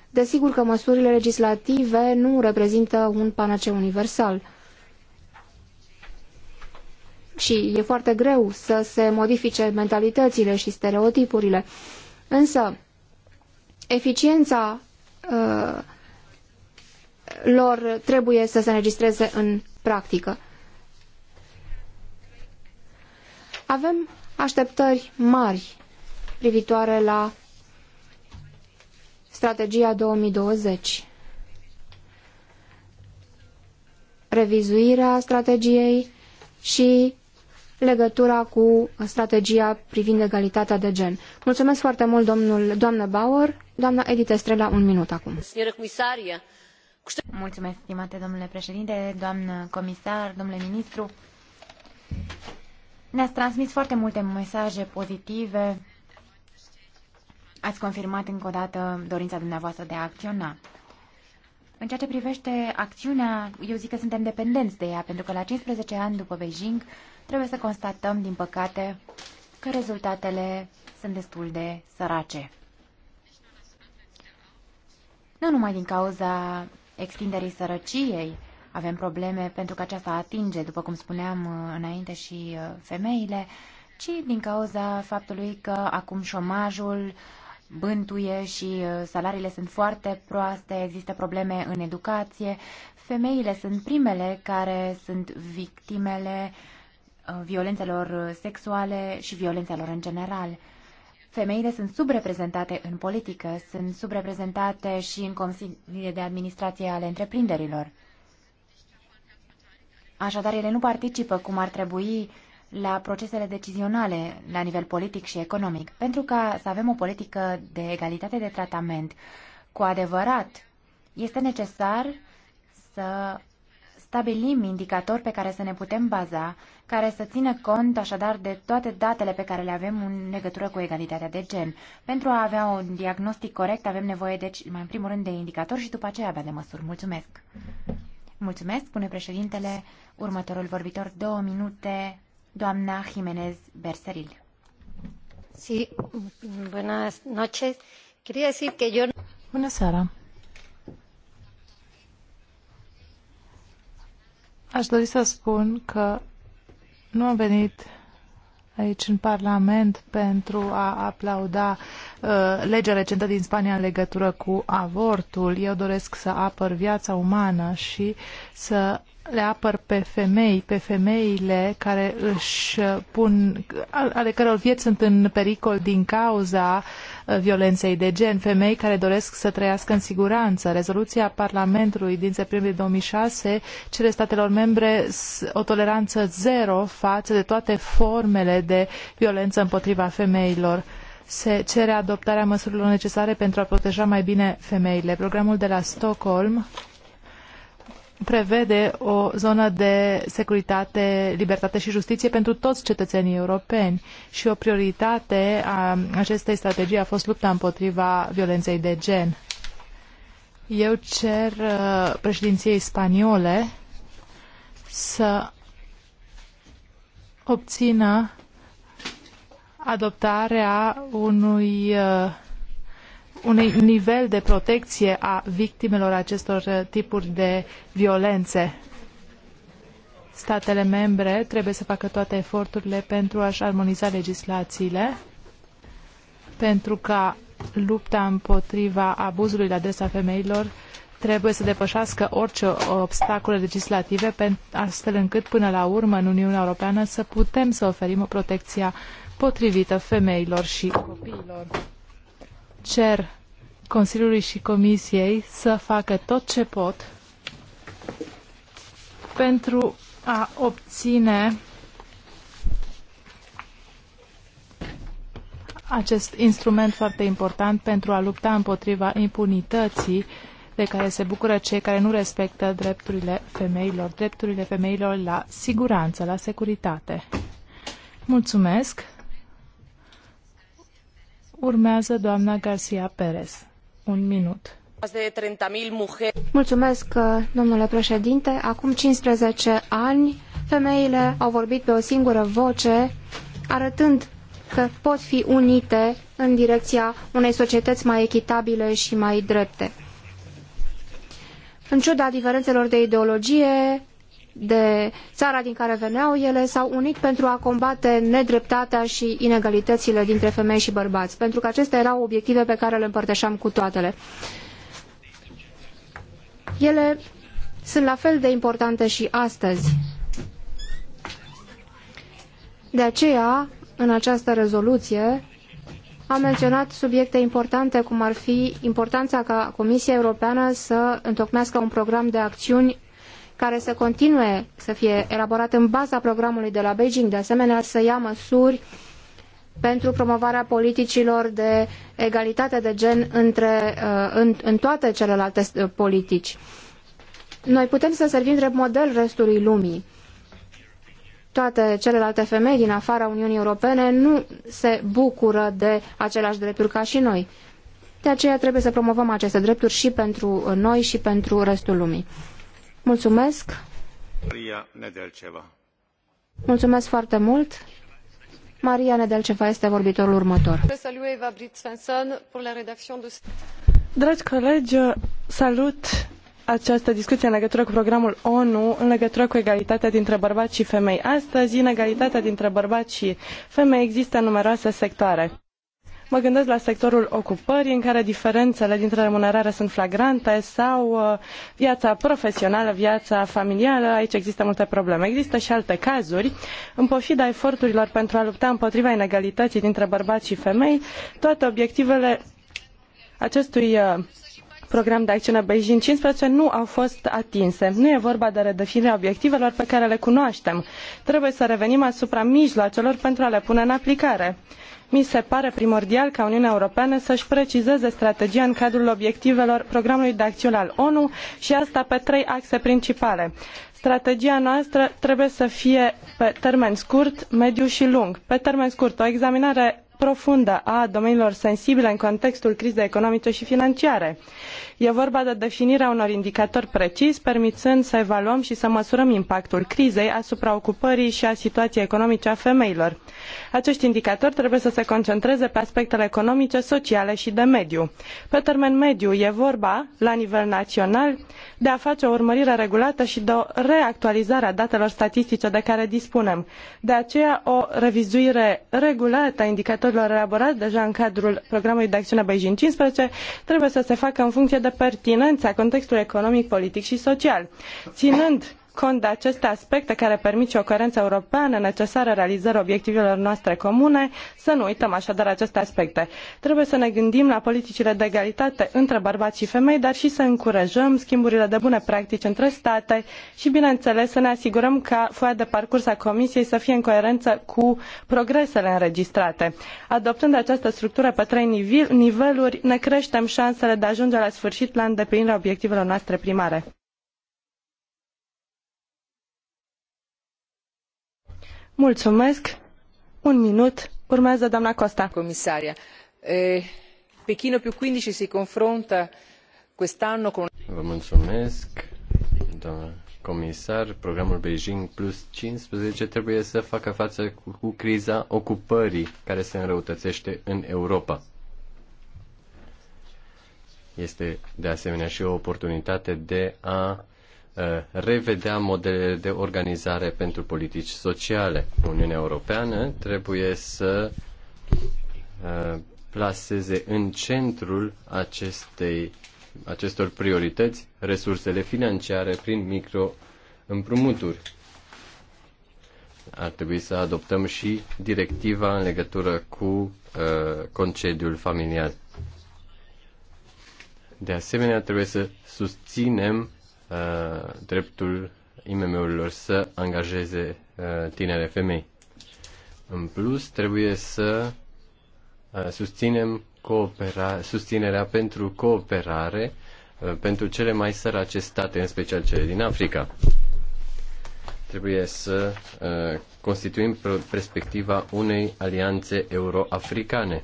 Speaker 3: Desigur că măsurile legislative nu reprezintă un panaceu universal și e foarte greu să se modifice mentalitățile și stereotipurile. Însă, eficiența uh, lor trebuie să se înregistreze în practică. Avem așteptări mari privitoare la strategia 2020. Revizuirea strategiei și legătura cu strategia privind egalitatea de gen. Mulțumesc foarte mult, domnul, doamnă Bauer. Doamna Edith Estrela, un minut acum.
Speaker 4: Mulțumesc, stimate domnule președinte, doamnă comisar, domnule ministru. Ne-ați transmis foarte multe mesaje pozitive. Ați confirmat încă o dată dorința dumneavoastră de a acționa. În ceea ce privește acțiunea, eu zic că suntem dependenți de ea, pentru că la 15 ani după Beijing trebuie să constatăm, din păcate, că rezultatele sunt destul de sărace. Nu numai din cauza extinderii sărăciei, avem probleme pentru că aceasta atinge, după cum spuneam uh, înainte, și uh, femeile, ci din cauza faptului că acum șomajul bântuie și uh, salariile sunt foarte proaste, există probleme în educație. Femeile sunt primele care sunt victimele violențelor sexuale și violențelor în general. Femeile sunt subreprezentate în politică, sunt subreprezentate și în consiliile de administrație ale întreprinderilor. Așadar, ele nu participă cum ar trebui la procesele decizionale la nivel politic și economic. Pentru ca să avem o politică de egalitate de tratament cu adevărat, este necesar să stabilim indicatori pe care să ne putem baza, care să țină cont așadar de toate datele pe care le avem în legătură cu egalitatea de gen. Pentru a avea un diagnostic corect avem nevoie, deci, mai în primul rând de indicatori și după aceea abia de măsuri. Mulțumesc! Mulțumesc, spune președintele. Următorul vorbitor, două minute, doamna Jimenez Berseril. Sí, buenas noches. Quería
Speaker 3: decir que yo... Bună seara.
Speaker 1: Aș dori să spun că nu am venit aici în Parlament pentru a aplauda uh, legea recentă din Spania în legătură cu avortul. Eu doresc să apăr viața umană și să le apăr pe femei, pe femeile care își pun, ale căror vieți sunt în pericol din cauza uh, violenței de gen, femei care doresc să trăiască în siguranță. Rezoluția Parlamentului din septembrie 2006 cere statelor membre o toleranță zero față de toate formele de violență împotriva femeilor se cere adoptarea măsurilor necesare pentru a proteja mai bine femeile. Programul de la Stockholm prevede o zonă de securitate, libertate și justiție pentru toți cetățenii europeni și o prioritate a acestei strategii a fost lupta împotriva violenței de gen. Eu cer uh, președinției spaniole să obțină adoptarea unui uh, unui nivel de protecție a victimelor acestor uh, tipuri de violențe. Statele membre trebuie să facă toate eforturile pentru a-și armoniza legislațiile, pentru ca lupta împotriva abuzului la adresa femeilor trebuie să depășească orice obstacole legislative, astfel încât până la urmă în Uniunea Europeană să putem să oferim o protecție potrivită femeilor și copiilor cer Consiliului și Comisiei să facă tot ce pot pentru a obține acest instrument foarte important pentru a lupta împotriva impunității de care se bucură cei care nu respectă drepturile femeilor, drepturile femeilor la siguranță, la securitate. Mulțumesc! Urmează doamna Garcia Perez.
Speaker 6: Un minut.
Speaker 3: Mulțumesc, uh, domnule președinte. Acum 15 ani, femeile au vorbit pe o singură voce, arătând că pot fi unite în direcția unei societăți mai echitabile și mai drepte. În ciuda diferențelor de ideologie, de țara din care veneau, ele s-au unit pentru a combate nedreptatea și inegalitățile dintre femei și bărbați, pentru că acestea erau obiective pe care le împărtășeam cu toatele. Ele sunt la fel de importante și astăzi. De aceea, în această rezoluție, am menționat subiecte importante, cum ar fi importanța ca Comisia Europeană să întocmească un program de acțiuni care să continue să fie elaborat în baza programului de la Beijing, de asemenea să ia măsuri pentru promovarea politicilor de egalitate de gen între, uh, în, în toate celelalte uh, politici. Noi putem să servim drept model restului lumii. Toate celelalte femei din afara Uniunii Europene nu se bucură de aceleași drepturi ca și noi. De aceea trebuie să promovăm aceste drepturi și pentru noi și pentru restul lumii. Mulțumesc.
Speaker 1: Maria Nedelceva.
Speaker 3: Mulțumesc foarte mult. Maria Nedelceva este vorbitorul următor.
Speaker 2: Dragi colegi, salut această discuție în legătură cu programul ONU în legătură cu egalitatea dintre bărbați și femei. Astăzi, inegalitatea dintre bărbați și femei există în numeroase sectoare Mă gândesc la sectorul ocupării, în care diferențele dintre remunerare sunt flagrante sau uh, viața profesională, viața familială, aici există multe probleme. Există și alte cazuri. În pofida eforturilor pentru a lupta împotriva inegalității dintre bărbați și femei, toate obiectivele acestui uh, program de acțiune Beijing 15 nu au fost atinse. Nu e vorba de redefinirea obiectivelor pe care le cunoaștem. Trebuie să revenim asupra mijloacelor pentru a le pune în aplicare mi se pare primordial ca Uniunea Europeană să-și precizeze strategia în cadrul obiectivelor programului de acțiune al ONU și asta pe trei axe principale. Strategia noastră trebuie să fie pe termen scurt, mediu și lung. Pe termen scurt, o examinare profundă a domeniilor sensibile în contextul crizei economice și financiare. E vorba de definirea unor indicatori precis, permițând să evaluăm și să măsurăm impactul crizei asupra ocupării și a situației economice a femeilor. Acești indicatori trebuie să se concentreze pe aspectele economice, sociale și de mediu. Pe termen mediu e vorba, la nivel național, de a face o urmărire regulată și de o reactualizare a datelor statistice de care dispunem. De aceea, o revizuire regulată a indicatorilor elaborați deja în cadrul programului de acțiune Beijing 15 trebuie să se facă în funcție funcție de pertinența contextului economic, politic și social, ținând cont de aceste aspecte care permit și o coerență europeană necesară realizării obiectivelor noastre comune, să nu uităm așadar aceste aspecte. Trebuie să ne gândim la politicile de egalitate între bărbați și femei, dar și să încurajăm schimburile de bune practici între state și, bineînțeles, să ne asigurăm ca foaia de parcurs a Comisiei să fie în coerență cu progresele înregistrate. Adoptând această structură pe trei niveluri, ne creștem șansele de a ajunge la sfârșit la îndeplinirea obiectivelor noastre primare. Mulțumesc. Un minut. Urmează doamna Costa. Comisaria, eh, Pechino più 15 si
Speaker 7: confronta quest'anno con...
Speaker 8: Vă mulțumesc, doamna comisar. Programul Beijing plus 15 trebuie să facă față cu criza ocupării care se înrăutățește în Europa. Este de asemenea și o oportunitate de a Uh, revedea modelele de organizare pentru politici sociale. Uniunea Europeană trebuie să uh, plaseze în centrul acestei, acestor priorități resursele financiare prin micro împrumuturi. Ar trebui să adoptăm și directiva în legătură cu uh, concediul familial. De asemenea, trebuie să susținem Uh, dreptul IMM-urilor să angajeze uh, tinere femei. În plus, trebuie să uh, susținem coopera- susținerea pentru cooperare uh, pentru cele mai sărace state, în special cele din Africa. Trebuie să uh, constituim perspectiva unei alianțe euroafricane.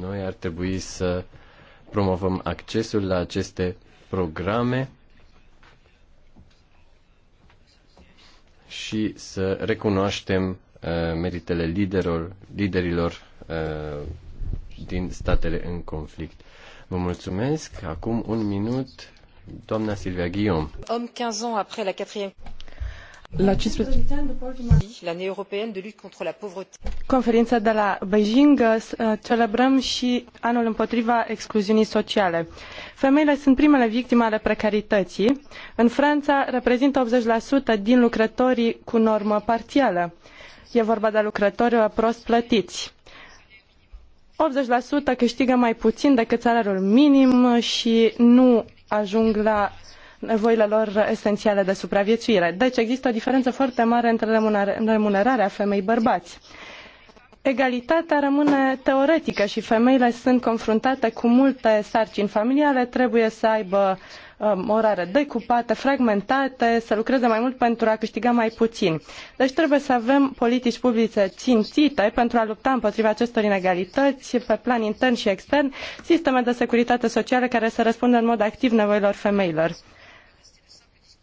Speaker 8: Noi ar trebui să uh, promovăm accesul la aceste programe și să recunoaștem uh, meritele liderilor, liderilor uh, din statele în conflict. Vă mulțumesc. Acum un minut, doamna Silvia Guillaume
Speaker 6: l'année européenne de lutte contre la pauvreté.
Speaker 2: Conferința de la Beijing uh, uh, celebrăm și anul împotriva excluziunii sociale. Femeile sunt primele victime ale precarității. În Franța reprezintă 80% din lucrătorii cu normă parțială. E vorba de lucrători uh, prost plătiți. 80% câștigă mai puțin decât salariul minim și nu ajung la uh, nevoile lor esențiale de supraviețuire. Deci există o diferență foarte mare între remunerarea femei bărbați. Egalitatea rămâne teoretică și femeile sunt confruntate cu multe sarcini familiale, trebuie să aibă um, orare decupate, fragmentate, să lucreze mai mult pentru a câștiga mai puțin. Deci trebuie să avem politici publice țințite pentru a lupta împotriva acestor inegalități pe plan intern și extern, sisteme de securitate socială care să răspundă în mod activ nevoilor femeilor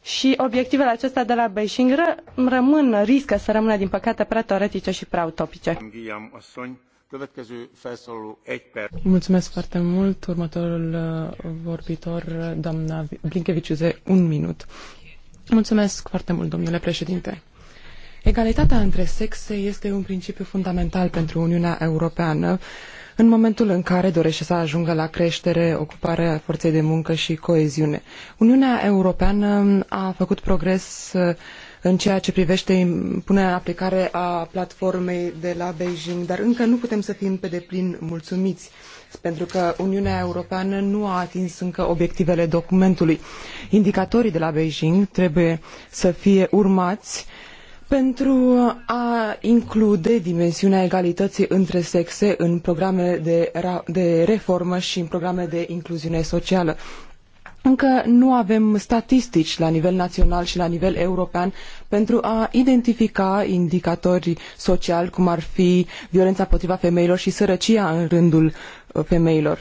Speaker 2: și obiectivele acestea de la Beijing rămân, riscă să rămână, din păcate, prea teoretice și prea utopice. Mulțumesc foarte mult. Următorul uh, vorbitor, doamna
Speaker 7: Blinkeviciuze, un minut. Mulțumesc foarte mult, domnule președinte. Egalitatea între sexe este un principiu fundamental pentru Uniunea Europeană în momentul în care dorește să ajungă la creștere, ocuparea forței de muncă și coeziune. Uniunea Europeană a făcut progres uh, în ceea ce privește punerea în aplicare a platformei de la Beijing, dar încă nu putem să fim pe deplin mulțumiți pentru că Uniunea Europeană nu a atins încă obiectivele documentului. Indicatorii de la Beijing trebuie să fie urmați pentru a include dimensiunea egalității între sexe în programe de, de reformă și în programe de incluziune socială. Încă nu avem statistici la nivel național și la nivel european pentru a identifica indicatori sociali, cum ar fi violența împotriva femeilor și sărăcia în rândul uh, femeilor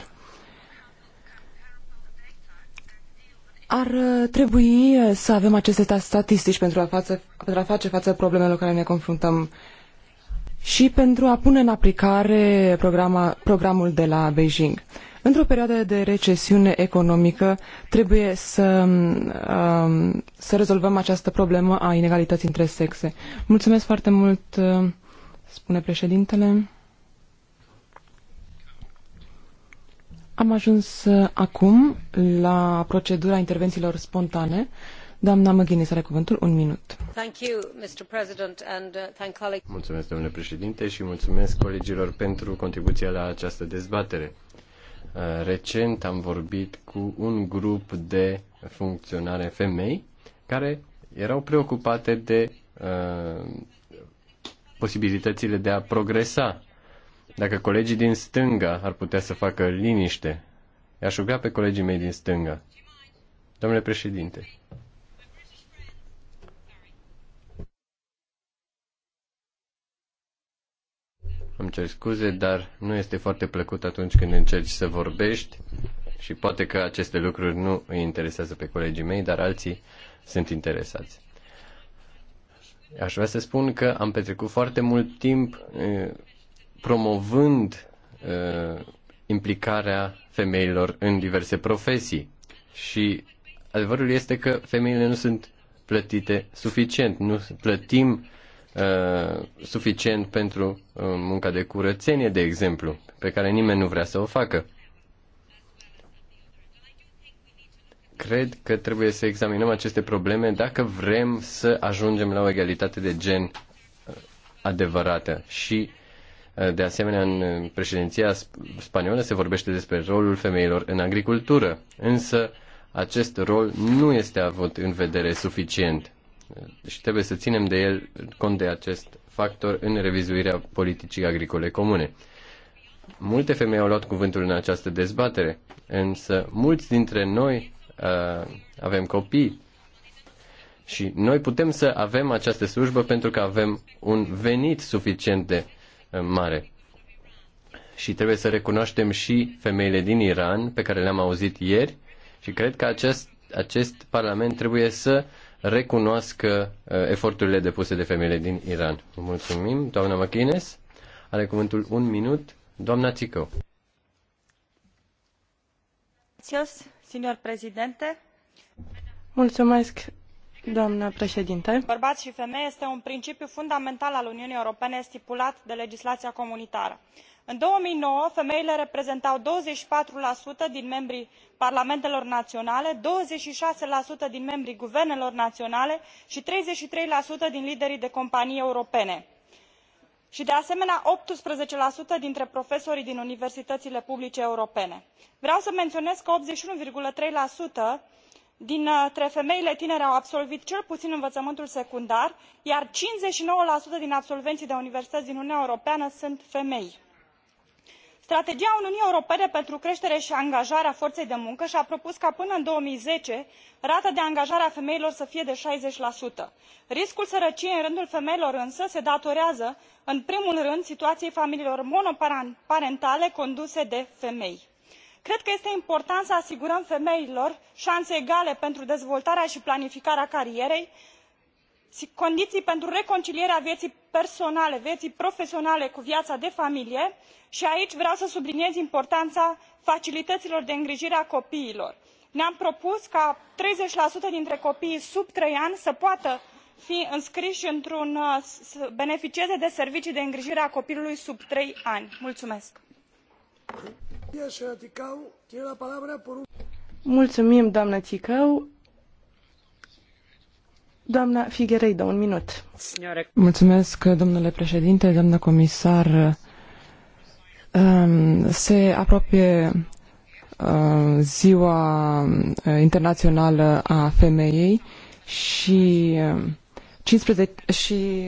Speaker 7: Ar uh, trebui uh, să avem aceste statistici pentru a, față, pentru a face față problemelor care ne confruntăm și pentru a pune în aplicare programa, programul de la Beijing. Într-o perioadă de recesiune economică trebuie să, um, um, să rezolvăm această problemă a inegalității între sexe. Mulțumesc foarte mult, uh, spune președintele. Am ajuns uh, acum la procedura intervențiilor spontane. Doamna McGuinness are cuvântul un minut.
Speaker 8: Uh, mulțumesc, domnule președinte, și mulțumesc colegilor pentru contribuția la această dezbatere. Uh, recent am vorbit cu un grup de funcționare femei care erau preocupate de uh, posibilitățile de a progresa dacă colegii din stânga ar putea să facă liniște, i-aș ruga pe colegii mei din stânga. Domnule președinte. Îmi cer scuze, dar nu este foarte plăcut atunci când încerci să vorbești și poate că aceste lucruri nu îi interesează pe colegii mei, dar alții sunt interesați. Aș vrea să spun că am petrecut foarte mult timp eh, promovând uh, implicarea femeilor în diverse profesii. Și adevărul este că femeile nu sunt plătite suficient, nu plătim uh, suficient pentru uh, munca de curățenie, de exemplu, pe care nimeni nu vrea să o facă. Cred că trebuie să examinăm aceste probleme dacă vrem să ajungem la o egalitate de gen uh, adevărată și de asemenea, în președinția spaniolă se vorbește despre rolul femeilor în agricultură, însă acest rol nu este avut în vedere suficient și trebuie să ținem de el cont de acest factor în revizuirea politicii agricole comune. Multe femei au luat cuvântul în această dezbatere, însă mulți dintre noi uh, avem copii și noi putem să avem această slujbă pentru că avem un venit suficient de mare. Și trebuie să recunoaștem și femeile din Iran, pe care le-am auzit ieri, și cred că acest, acest Parlament trebuie să recunoască uh, eforturile depuse de femeile din Iran. Mulțumim, doamna Machines. Are cuvântul un minut, doamna Țicău.
Speaker 2: Mulțumesc, bărbai
Speaker 5: i și femei este un principiu fundamental al Uniunii Europene stipulat de legislația comunitară. În 2009, femeile reprezentau 24% din membrii parlamentelor naționale, 26% din membrii guvernelor naționale și 33% din liderii de companii europene i de asemenea optsprezece dintre profesorii din universităile publice europene. vreau să menionez că optzeci și unu trei dintre uh, femeile tinere au absolvit cel puin învăământul secundar iar cincizeci și nouă din absolvenii de universităi din uniunea europeană sunt femei. strategia uniunii europene pentru cretere i angajarea forei de muncă i a propus ca până în două mii zece rata de angajare a femeilor să fie de. șaizeci riscul sărăciei în rândul femeilor însă se datorează în primul rând situaiei familiilor monoparentale conduse de femei cred că este important să asigurăm femeilor anse egale pentru dezvoltarea i planificarea carierei condiii pentru reconcilierea vieii personale vieii profesionale cu viaa de familie i aici vreau să subliniez importana facilităilor de îngrijire a copiilor. ne am propus ca treizeci dintre copiii sub trei ani să poată fi înscrii uh, să beneficieze de servicii de îngrijire a copilului sub trei ani.
Speaker 2: Mulțumim, doamna Țicău. Doamna Figueiredo, un minut.
Speaker 7: Mulțumesc, domnule președinte, doamnă comisar. Um, se apropie uh, ziua uh, internațională a femeii și 15, um, și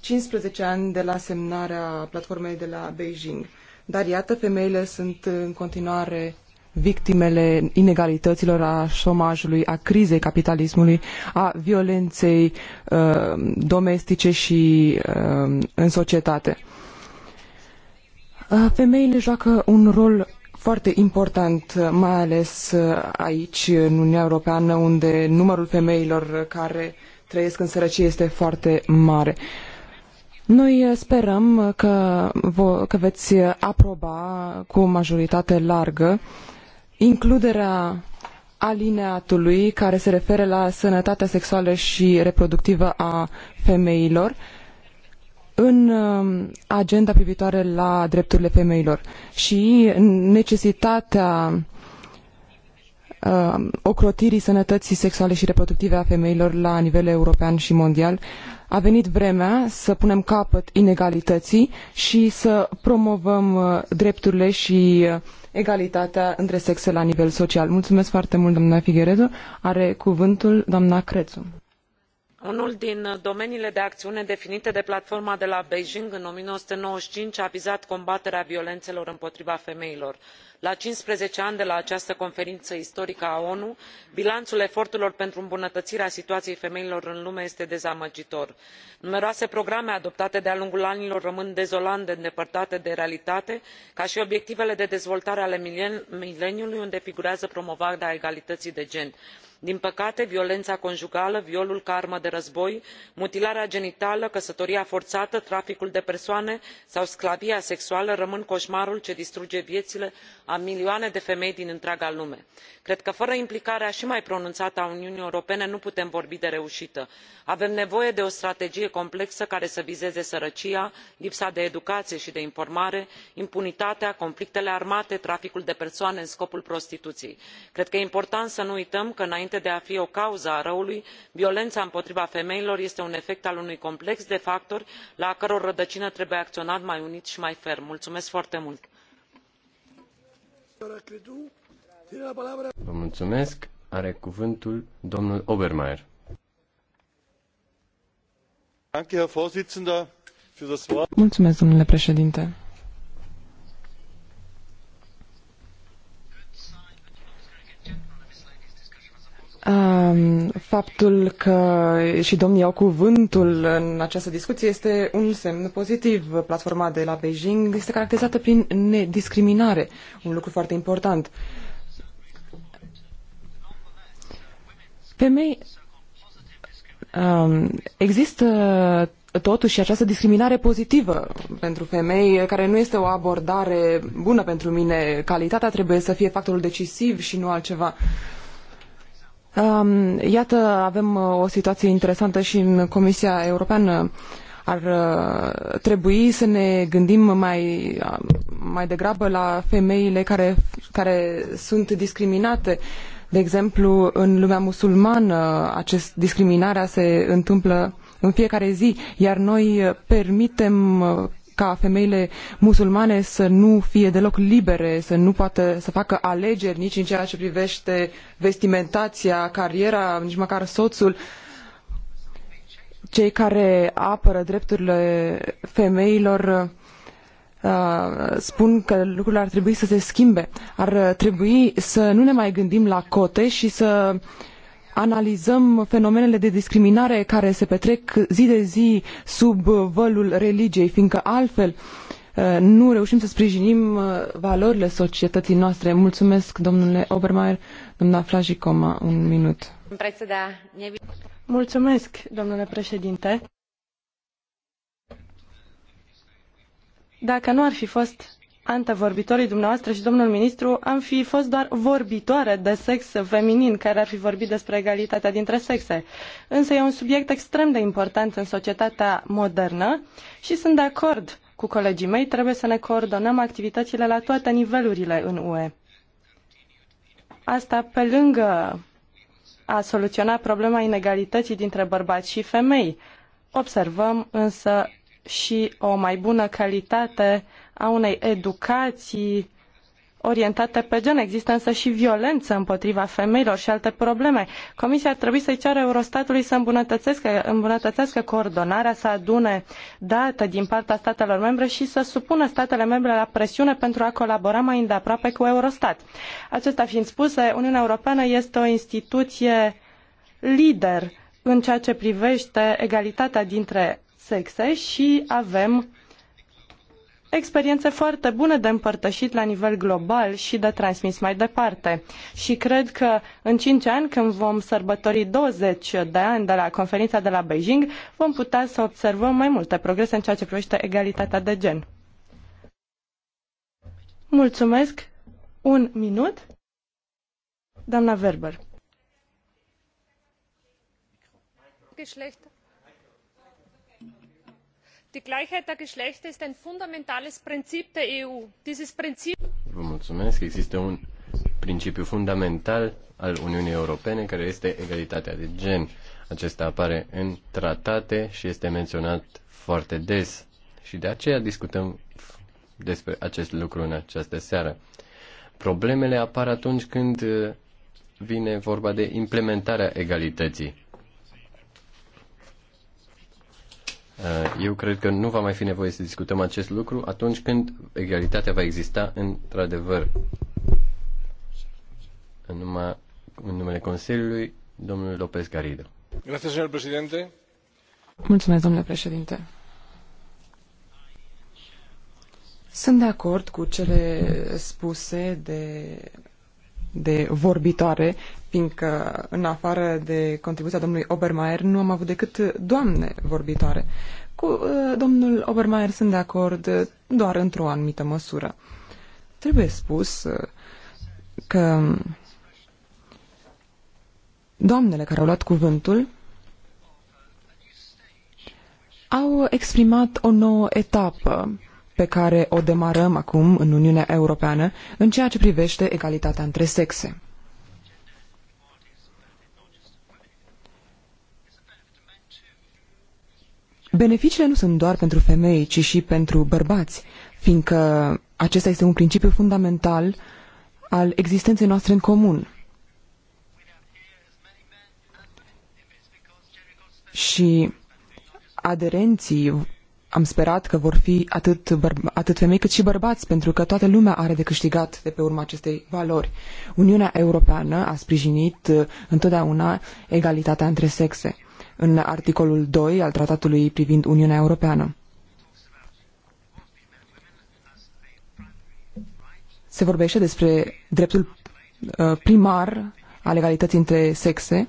Speaker 7: 15 ani de la semnarea platformei de la Beijing. Dar iată, femeile sunt în continuare victimele inegalităților, a șomajului, a crizei capitalismului, a violenței uh, domestice și uh, în societate. Uh, femeile joacă un rol foarte important, uh, mai ales uh, aici, în Uniunea Europeană, unde numărul femeilor care trăiesc în sărăcie este foarte mare. Uh, noi sperăm că, că veți aproba cu majoritate largă includerea alineatului care se referă la sănătatea sexuală și reproductivă a femeilor în um, agenda privitoare la drepturile femeilor și necesitatea uh, ocrotirii sănătății sexuale și reproductive a femeilor la nivel european și mondial, a venit vremea să punem capăt inegalității și să promovăm uh, drepturile și uh, egalitatea între sexe la nivel social. Mulțumesc foarte mult, doamna Figueredo. Are cuvântul doamna Crețu
Speaker 6: unul din domeniile de aciune definite de platforma de la beijing în o mie nouă sute nouăzeci și cinci a vizat combaterea violenelor împotriva femeilor. la cincisprezece ani de la această conferină istorică a onu bilanul eforturilor pentru îmbunătăirea situaiei femeilor în lume este dezamăgitor. numeroase programe adoptate de a lungul anilor rămân dezolant de îndepărtate de realitate ca i obiectivele de dezvoltare ale mileniului unde figurează promovarea egalităii de gen din păcate violena conjugală violul ca armă de război mutilarea genitală căsătoria forată traficul de persoane sau sclavia sexuală rămân comarul ce distruge vieile a milioane de femei din întreaga lume. cred că fără implicarea i mai pronunată a uniunii europene nu putem vorbi de reuită. avem nevoie de o strategie complexă care să vizeze sărăcia lipsa de educaie i de informare impunitatea conflictele armate traficul de persoane în scopul prostituiei. cred că e important să nu uităm că înainte de a fi o cauză a răului violena împotriva femeilor este un efect al unui complex de factori la a căror rădăcină trebuie acionat mai unit i mai ferm. foarte mult!
Speaker 8: mulțumesc. Are cuvântul domnul
Speaker 7: Mulțumesc, domnule președinte. Faptul că și domnii au cuvântul în această discuție este un semn pozitiv. Platforma de la Beijing este caracterizată prin nediscriminare, un lucru foarte important. Femei, există totuși această discriminare pozitivă pentru femei, care nu este o abordare bună pentru mine. Calitatea trebuie să fie factorul decisiv și nu altceva. Uh, Iată, avem uh, o situație interesantă și în Comisia Europeană. Ar uh, trebui să ne gândim mai, uh, mai degrabă la femeile care, care sunt discriminate. De exemplu, în lumea musulmană, acest, discriminarea se întâmplă în fiecare zi, iar noi permitem ca femeile musulmane să nu fie deloc libere, să nu poată să facă alegeri nici în ceea ce privește vestimentația, cariera, nici măcar soțul. Cei care apără drepturile femeilor uh, spun că lucrurile ar trebui să se schimbe. Ar trebui să nu ne mai gândim la cote și să uh, analizăm fenomenele de discriminare care se petrec zi de zi sub vălul religiei, fiindcă altfel uh, nu reușim să sprijinim uh, valorile societății noastre. Mulțumesc, domnule Obermeier, doamna Flajicoma, un minut.
Speaker 2: Mulțumesc, domnule președinte. Dacă nu ar fi fost antevorbitorii dumneavoastră și domnul ministru, am fi fost doar vorbitoare de sex feminin care ar fi vorbit despre egalitatea dintre sexe. Însă e un subiect extrem de important în societatea modernă și sunt de acord cu colegii mei, trebuie să ne coordonăm activitățile la toate nivelurile în UE. Asta pe lângă a soluționa problema inegalității dintre bărbați și femei. Observăm însă și o mai bună calitate a unei educații orientate pe gen. Există însă și violență împotriva femeilor și alte probleme. Comisia ar trebui să-i ceară Eurostatului să îmbunătățească, îmbunătățească coordonarea, să adune date din partea statelor membre și să supună statele membre la presiune pentru a colabora mai îndeaproape cu Eurostat. Acesta fiind spuse, Uniunea Europeană este o instituție lider în ceea ce privește egalitatea dintre sexe și avem experiențe foarte bune de împărtășit la nivel global și de transmis mai departe. Și cred că în cinci ani, când vom sărbători 20 de ani de la conferința de la Beijing, vom putea să observăm mai multe progrese în ceea ce privește egalitatea de gen. Mulțumesc. Un minut. Doamna Verber.
Speaker 6: Geschlechter die gleichheit der geschlechter ist ein fundamentales prinzip der eu. dieses prinzip
Speaker 8: există un principiu fundamental al Uniunii Europene care este egalitatea de gen. Acesta apare în tratate și este menționat foarte des și de aceea discutăm despre acest lucru în această seară. Problemele apar atunci când uh, vine vorba de implementarea egalității. Uh, eu cred că nu va mai fi nevoie să discutăm acest lucru atunci când egalitatea va exista într-adevăr. În, în numele Consiliului, domnul López Garrido.
Speaker 7: Mulțumesc, domnule președinte. Sunt de acord cu cele spuse de de vorbitoare, fiindcă în afară de contribuția domnului Obermaier nu am avut decât doamne vorbitoare. Cu uh, domnul Obermaier sunt de acord uh, doar într-o anumită măsură. Trebuie spus uh, că doamnele care au luat cuvântul au exprimat o nouă etapă pe care o demarăm acum în Uniunea Europeană în ceea ce privește egalitatea între sexe. Beneficiile nu sunt doar pentru femei, ci și pentru bărbați, fiindcă acesta este un principiu fundamental al existenței noastre în comun. Și aderenții am sperat că vor fi atât, atât femei cât și bărbați, pentru că toată lumea are de câștigat de pe urma acestei valori. Uniunea Europeană a sprijinit uh, întotdeauna egalitatea între sexe în articolul 2 al tratatului privind Uniunea Europeană. Se vorbește despre dreptul uh, primar al egalității între sexe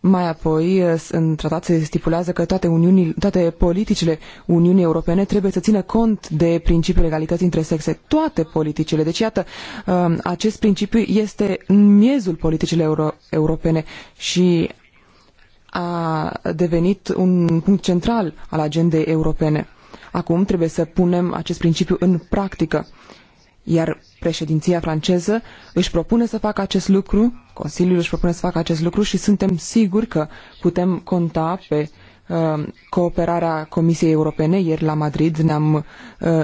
Speaker 7: mai apoi, eh, în tratat se stipulează că toate, uniunii, toate politicile Uniunii Europene trebuie să țină cont de principiul egalității între sexe. Toate politicile. Deci, iată, um, acest principiu este în miezul politicile euro europene și a devenit un punct central al agendei europene. Acum trebuie să punem acest principiu în practică iar președinția franceză își propune să facă acest lucru, Consiliul își propune să facă acest lucru și suntem siguri că putem conta pe uh, cooperarea Comisiei Europene. Ieri la Madrid ne-am uh,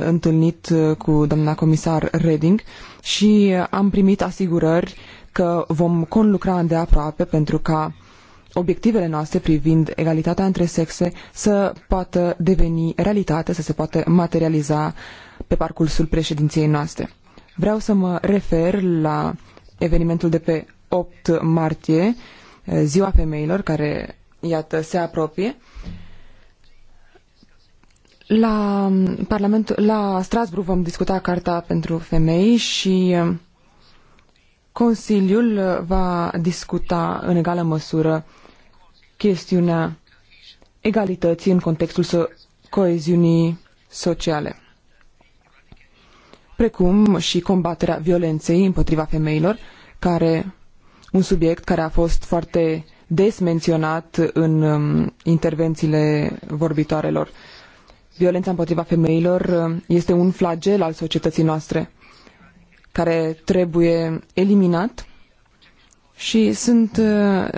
Speaker 7: întâlnit uh, cu doamna comisar Reding și uh, am primit asigurări că vom conlucra îndeaproape pentru ca obiectivele noastre privind egalitatea între sexe să poată deveni realitate, să se poată materializa uh, pe parcursul președinției noastre. Vreau să mă refer la evenimentul de pe 8 martie, eh, Ziua Femeilor, care, iată, se apropie. La, mm, Parlament, la Strasbourg vom discuta Carta pentru Femei și eh, Consiliul va discuta în egală măsură chestiunea egalității în contextul so- coeziunii sociale precum și combaterea violenței împotriva femeilor, care un subiect care a fost foarte des menționat în um, intervențiile vorbitoarelor. Violența împotriva femeilor um, este un flagel al societății noastre care trebuie eliminat și sunt, uh,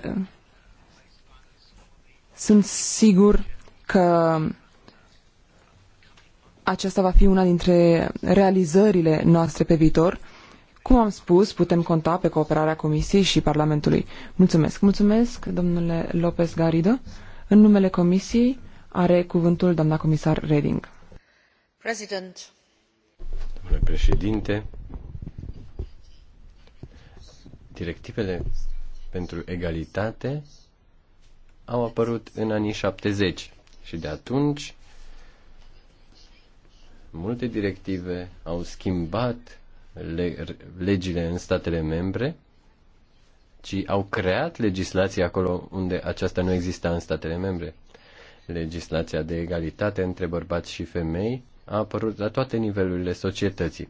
Speaker 7: sunt sigur că aceasta va fi una dintre realizările noastre pe viitor. Cum am spus, putem conta pe cooperarea Comisiei și Parlamentului. Mulțumesc. Mulțumesc, domnule Lopez Garido. În numele Comisiei are cuvântul doamna comisar Reding.
Speaker 6: President.
Speaker 8: Domnule președinte, directivele pentru egalitate au apărut în anii 70 și de atunci Multe directive au schimbat le- legile în statele membre, ci au creat legislații acolo unde aceasta nu exista în statele membre. Legislația de egalitate între bărbați și femei a apărut la toate nivelurile societății.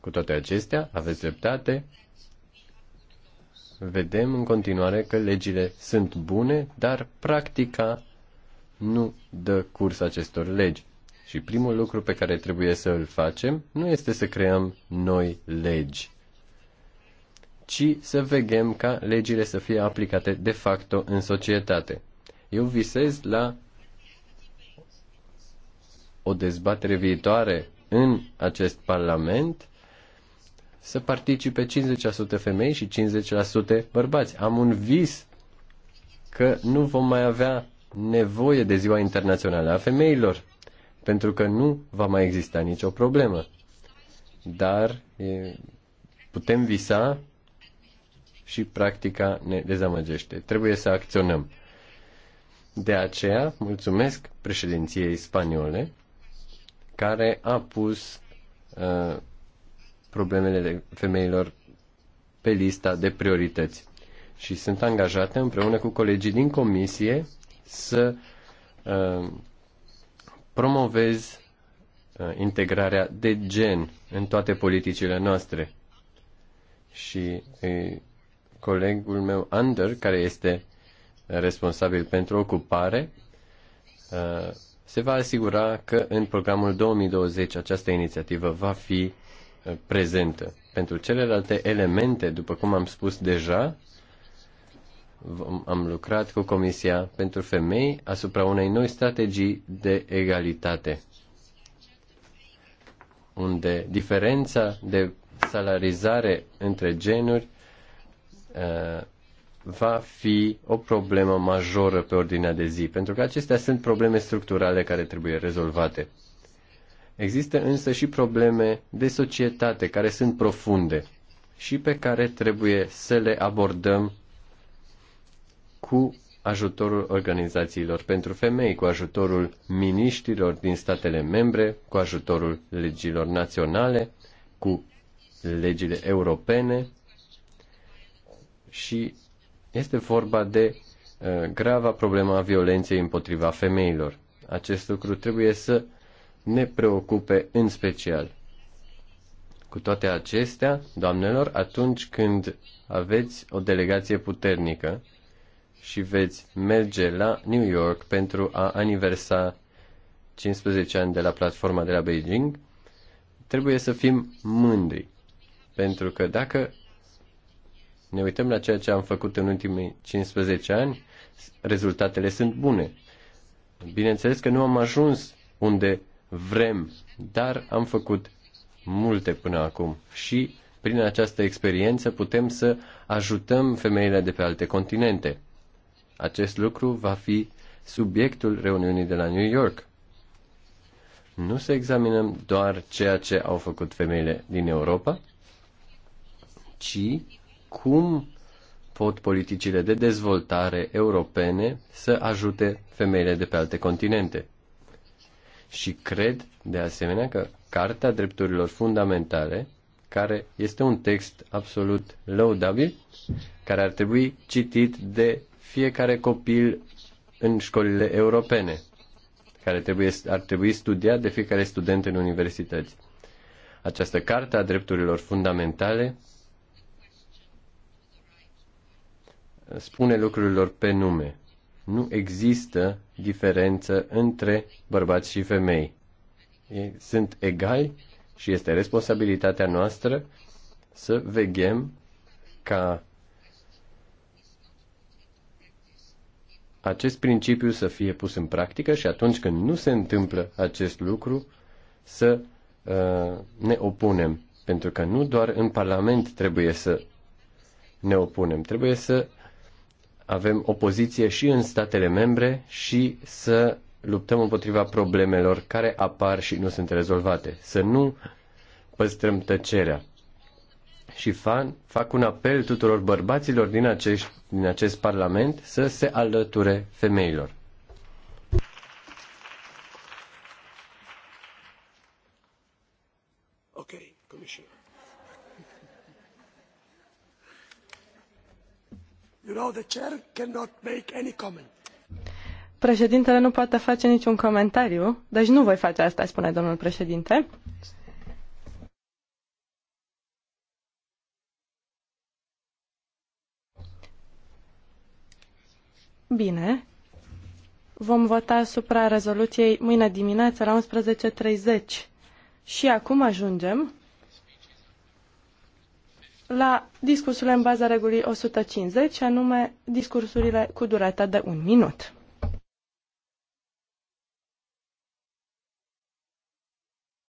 Speaker 8: Cu toate acestea, aveți dreptate, vedem în continuare că legile sunt bune, dar practica nu dă curs acestor legi. Și primul lucru pe care trebuie să îl facem nu este să creăm noi legi, ci să vegem ca legile să fie aplicate de facto în societate. Eu visez la o dezbatere viitoare în acest Parlament să participe 50% femei și 50% bărbați. Am un vis că nu vom mai avea nevoie de Ziua Internațională a Femeilor pentru că nu va mai exista nicio problemă. Dar putem visa și practica ne dezamăgește. Trebuie să acționăm. De aceea, mulțumesc președinției spaniole care a pus uh, problemele femeilor pe lista de priorități și sunt angajate împreună cu colegii din comisie să uh, promovez uh, integrarea de gen în toate politicile noastre. Și colegul meu, Ander, care este uh, responsabil pentru ocupare, uh, se va asigura că în programul 2020 această inițiativă va fi prezentă. Pentru celelalte elemente, după cum am spus deja, am lucrat cu Comisia pentru Femei asupra unei noi strategii de egalitate, unde diferența de salarizare între genuri uh, va fi o problemă majoră pe ordinea de zi, pentru că acestea sunt probleme structurale care trebuie rezolvate. Există însă și probleme de societate care sunt profunde și pe care trebuie să le abordăm cu ajutorul organizațiilor pentru femei, cu ajutorul miniștilor din statele membre, cu ajutorul legilor naționale, cu legile europene și este vorba de uh, grava problema violenței împotriva femeilor. Acest lucru trebuie să ne preocupe în special. Cu toate acestea, doamnelor, atunci când aveți o delegație puternică, și veți merge la New York pentru a aniversa 15 ani de la platforma de la Beijing, trebuie să fim mândri. Pentru că dacă ne uităm la ceea ce am făcut în ultimii 15 ani, rezultatele sunt bune. Bineînțeles că nu am ajuns unde vrem, dar am făcut multe până acum și prin această experiență putem să ajutăm femeile de pe alte continente. Acest lucru va fi subiectul reuniunii de la New York. Nu să examinăm doar ceea ce au făcut femeile din Europa, ci cum pot politicile de dezvoltare europene să ajute femeile de pe alte continente. Și cred, de asemenea, că Carta Drepturilor Fundamentale, care este un text absolut lăudabil, care ar trebui citit de fiecare copil în școlile europene, care trebuie, ar trebui studiat de fiecare student în universități. Această carte a drepturilor fundamentale spune lucrurilor pe nume. Nu există diferență între bărbați și femei. Ei sunt egali și este responsabilitatea noastră să veghem ca acest principiu să fie pus în practică și atunci când nu se întâmplă acest lucru, să uh, ne opunem. Pentru că nu doar în Parlament trebuie să ne opunem, trebuie să avem opoziție și în statele membre și să luptăm împotriva problemelor care apar și nu sunt rezolvate. Să nu păstrăm tăcerea. Și fan, fac un apel tuturor bărbaților din, acești, din acest Parlament să se alăture femeilor. Ok, Commissioner. You know, the chair cannot make any comment.
Speaker 2: Președintele nu poate face niciun comentariu, deci nu voi face asta, spune domnul președinte. Bine. Vom vota asupra rezoluției mâine dimineață la 11.30. Și acum ajungem la discursurile în baza regulii 150, anume discursurile cu durata de un minut.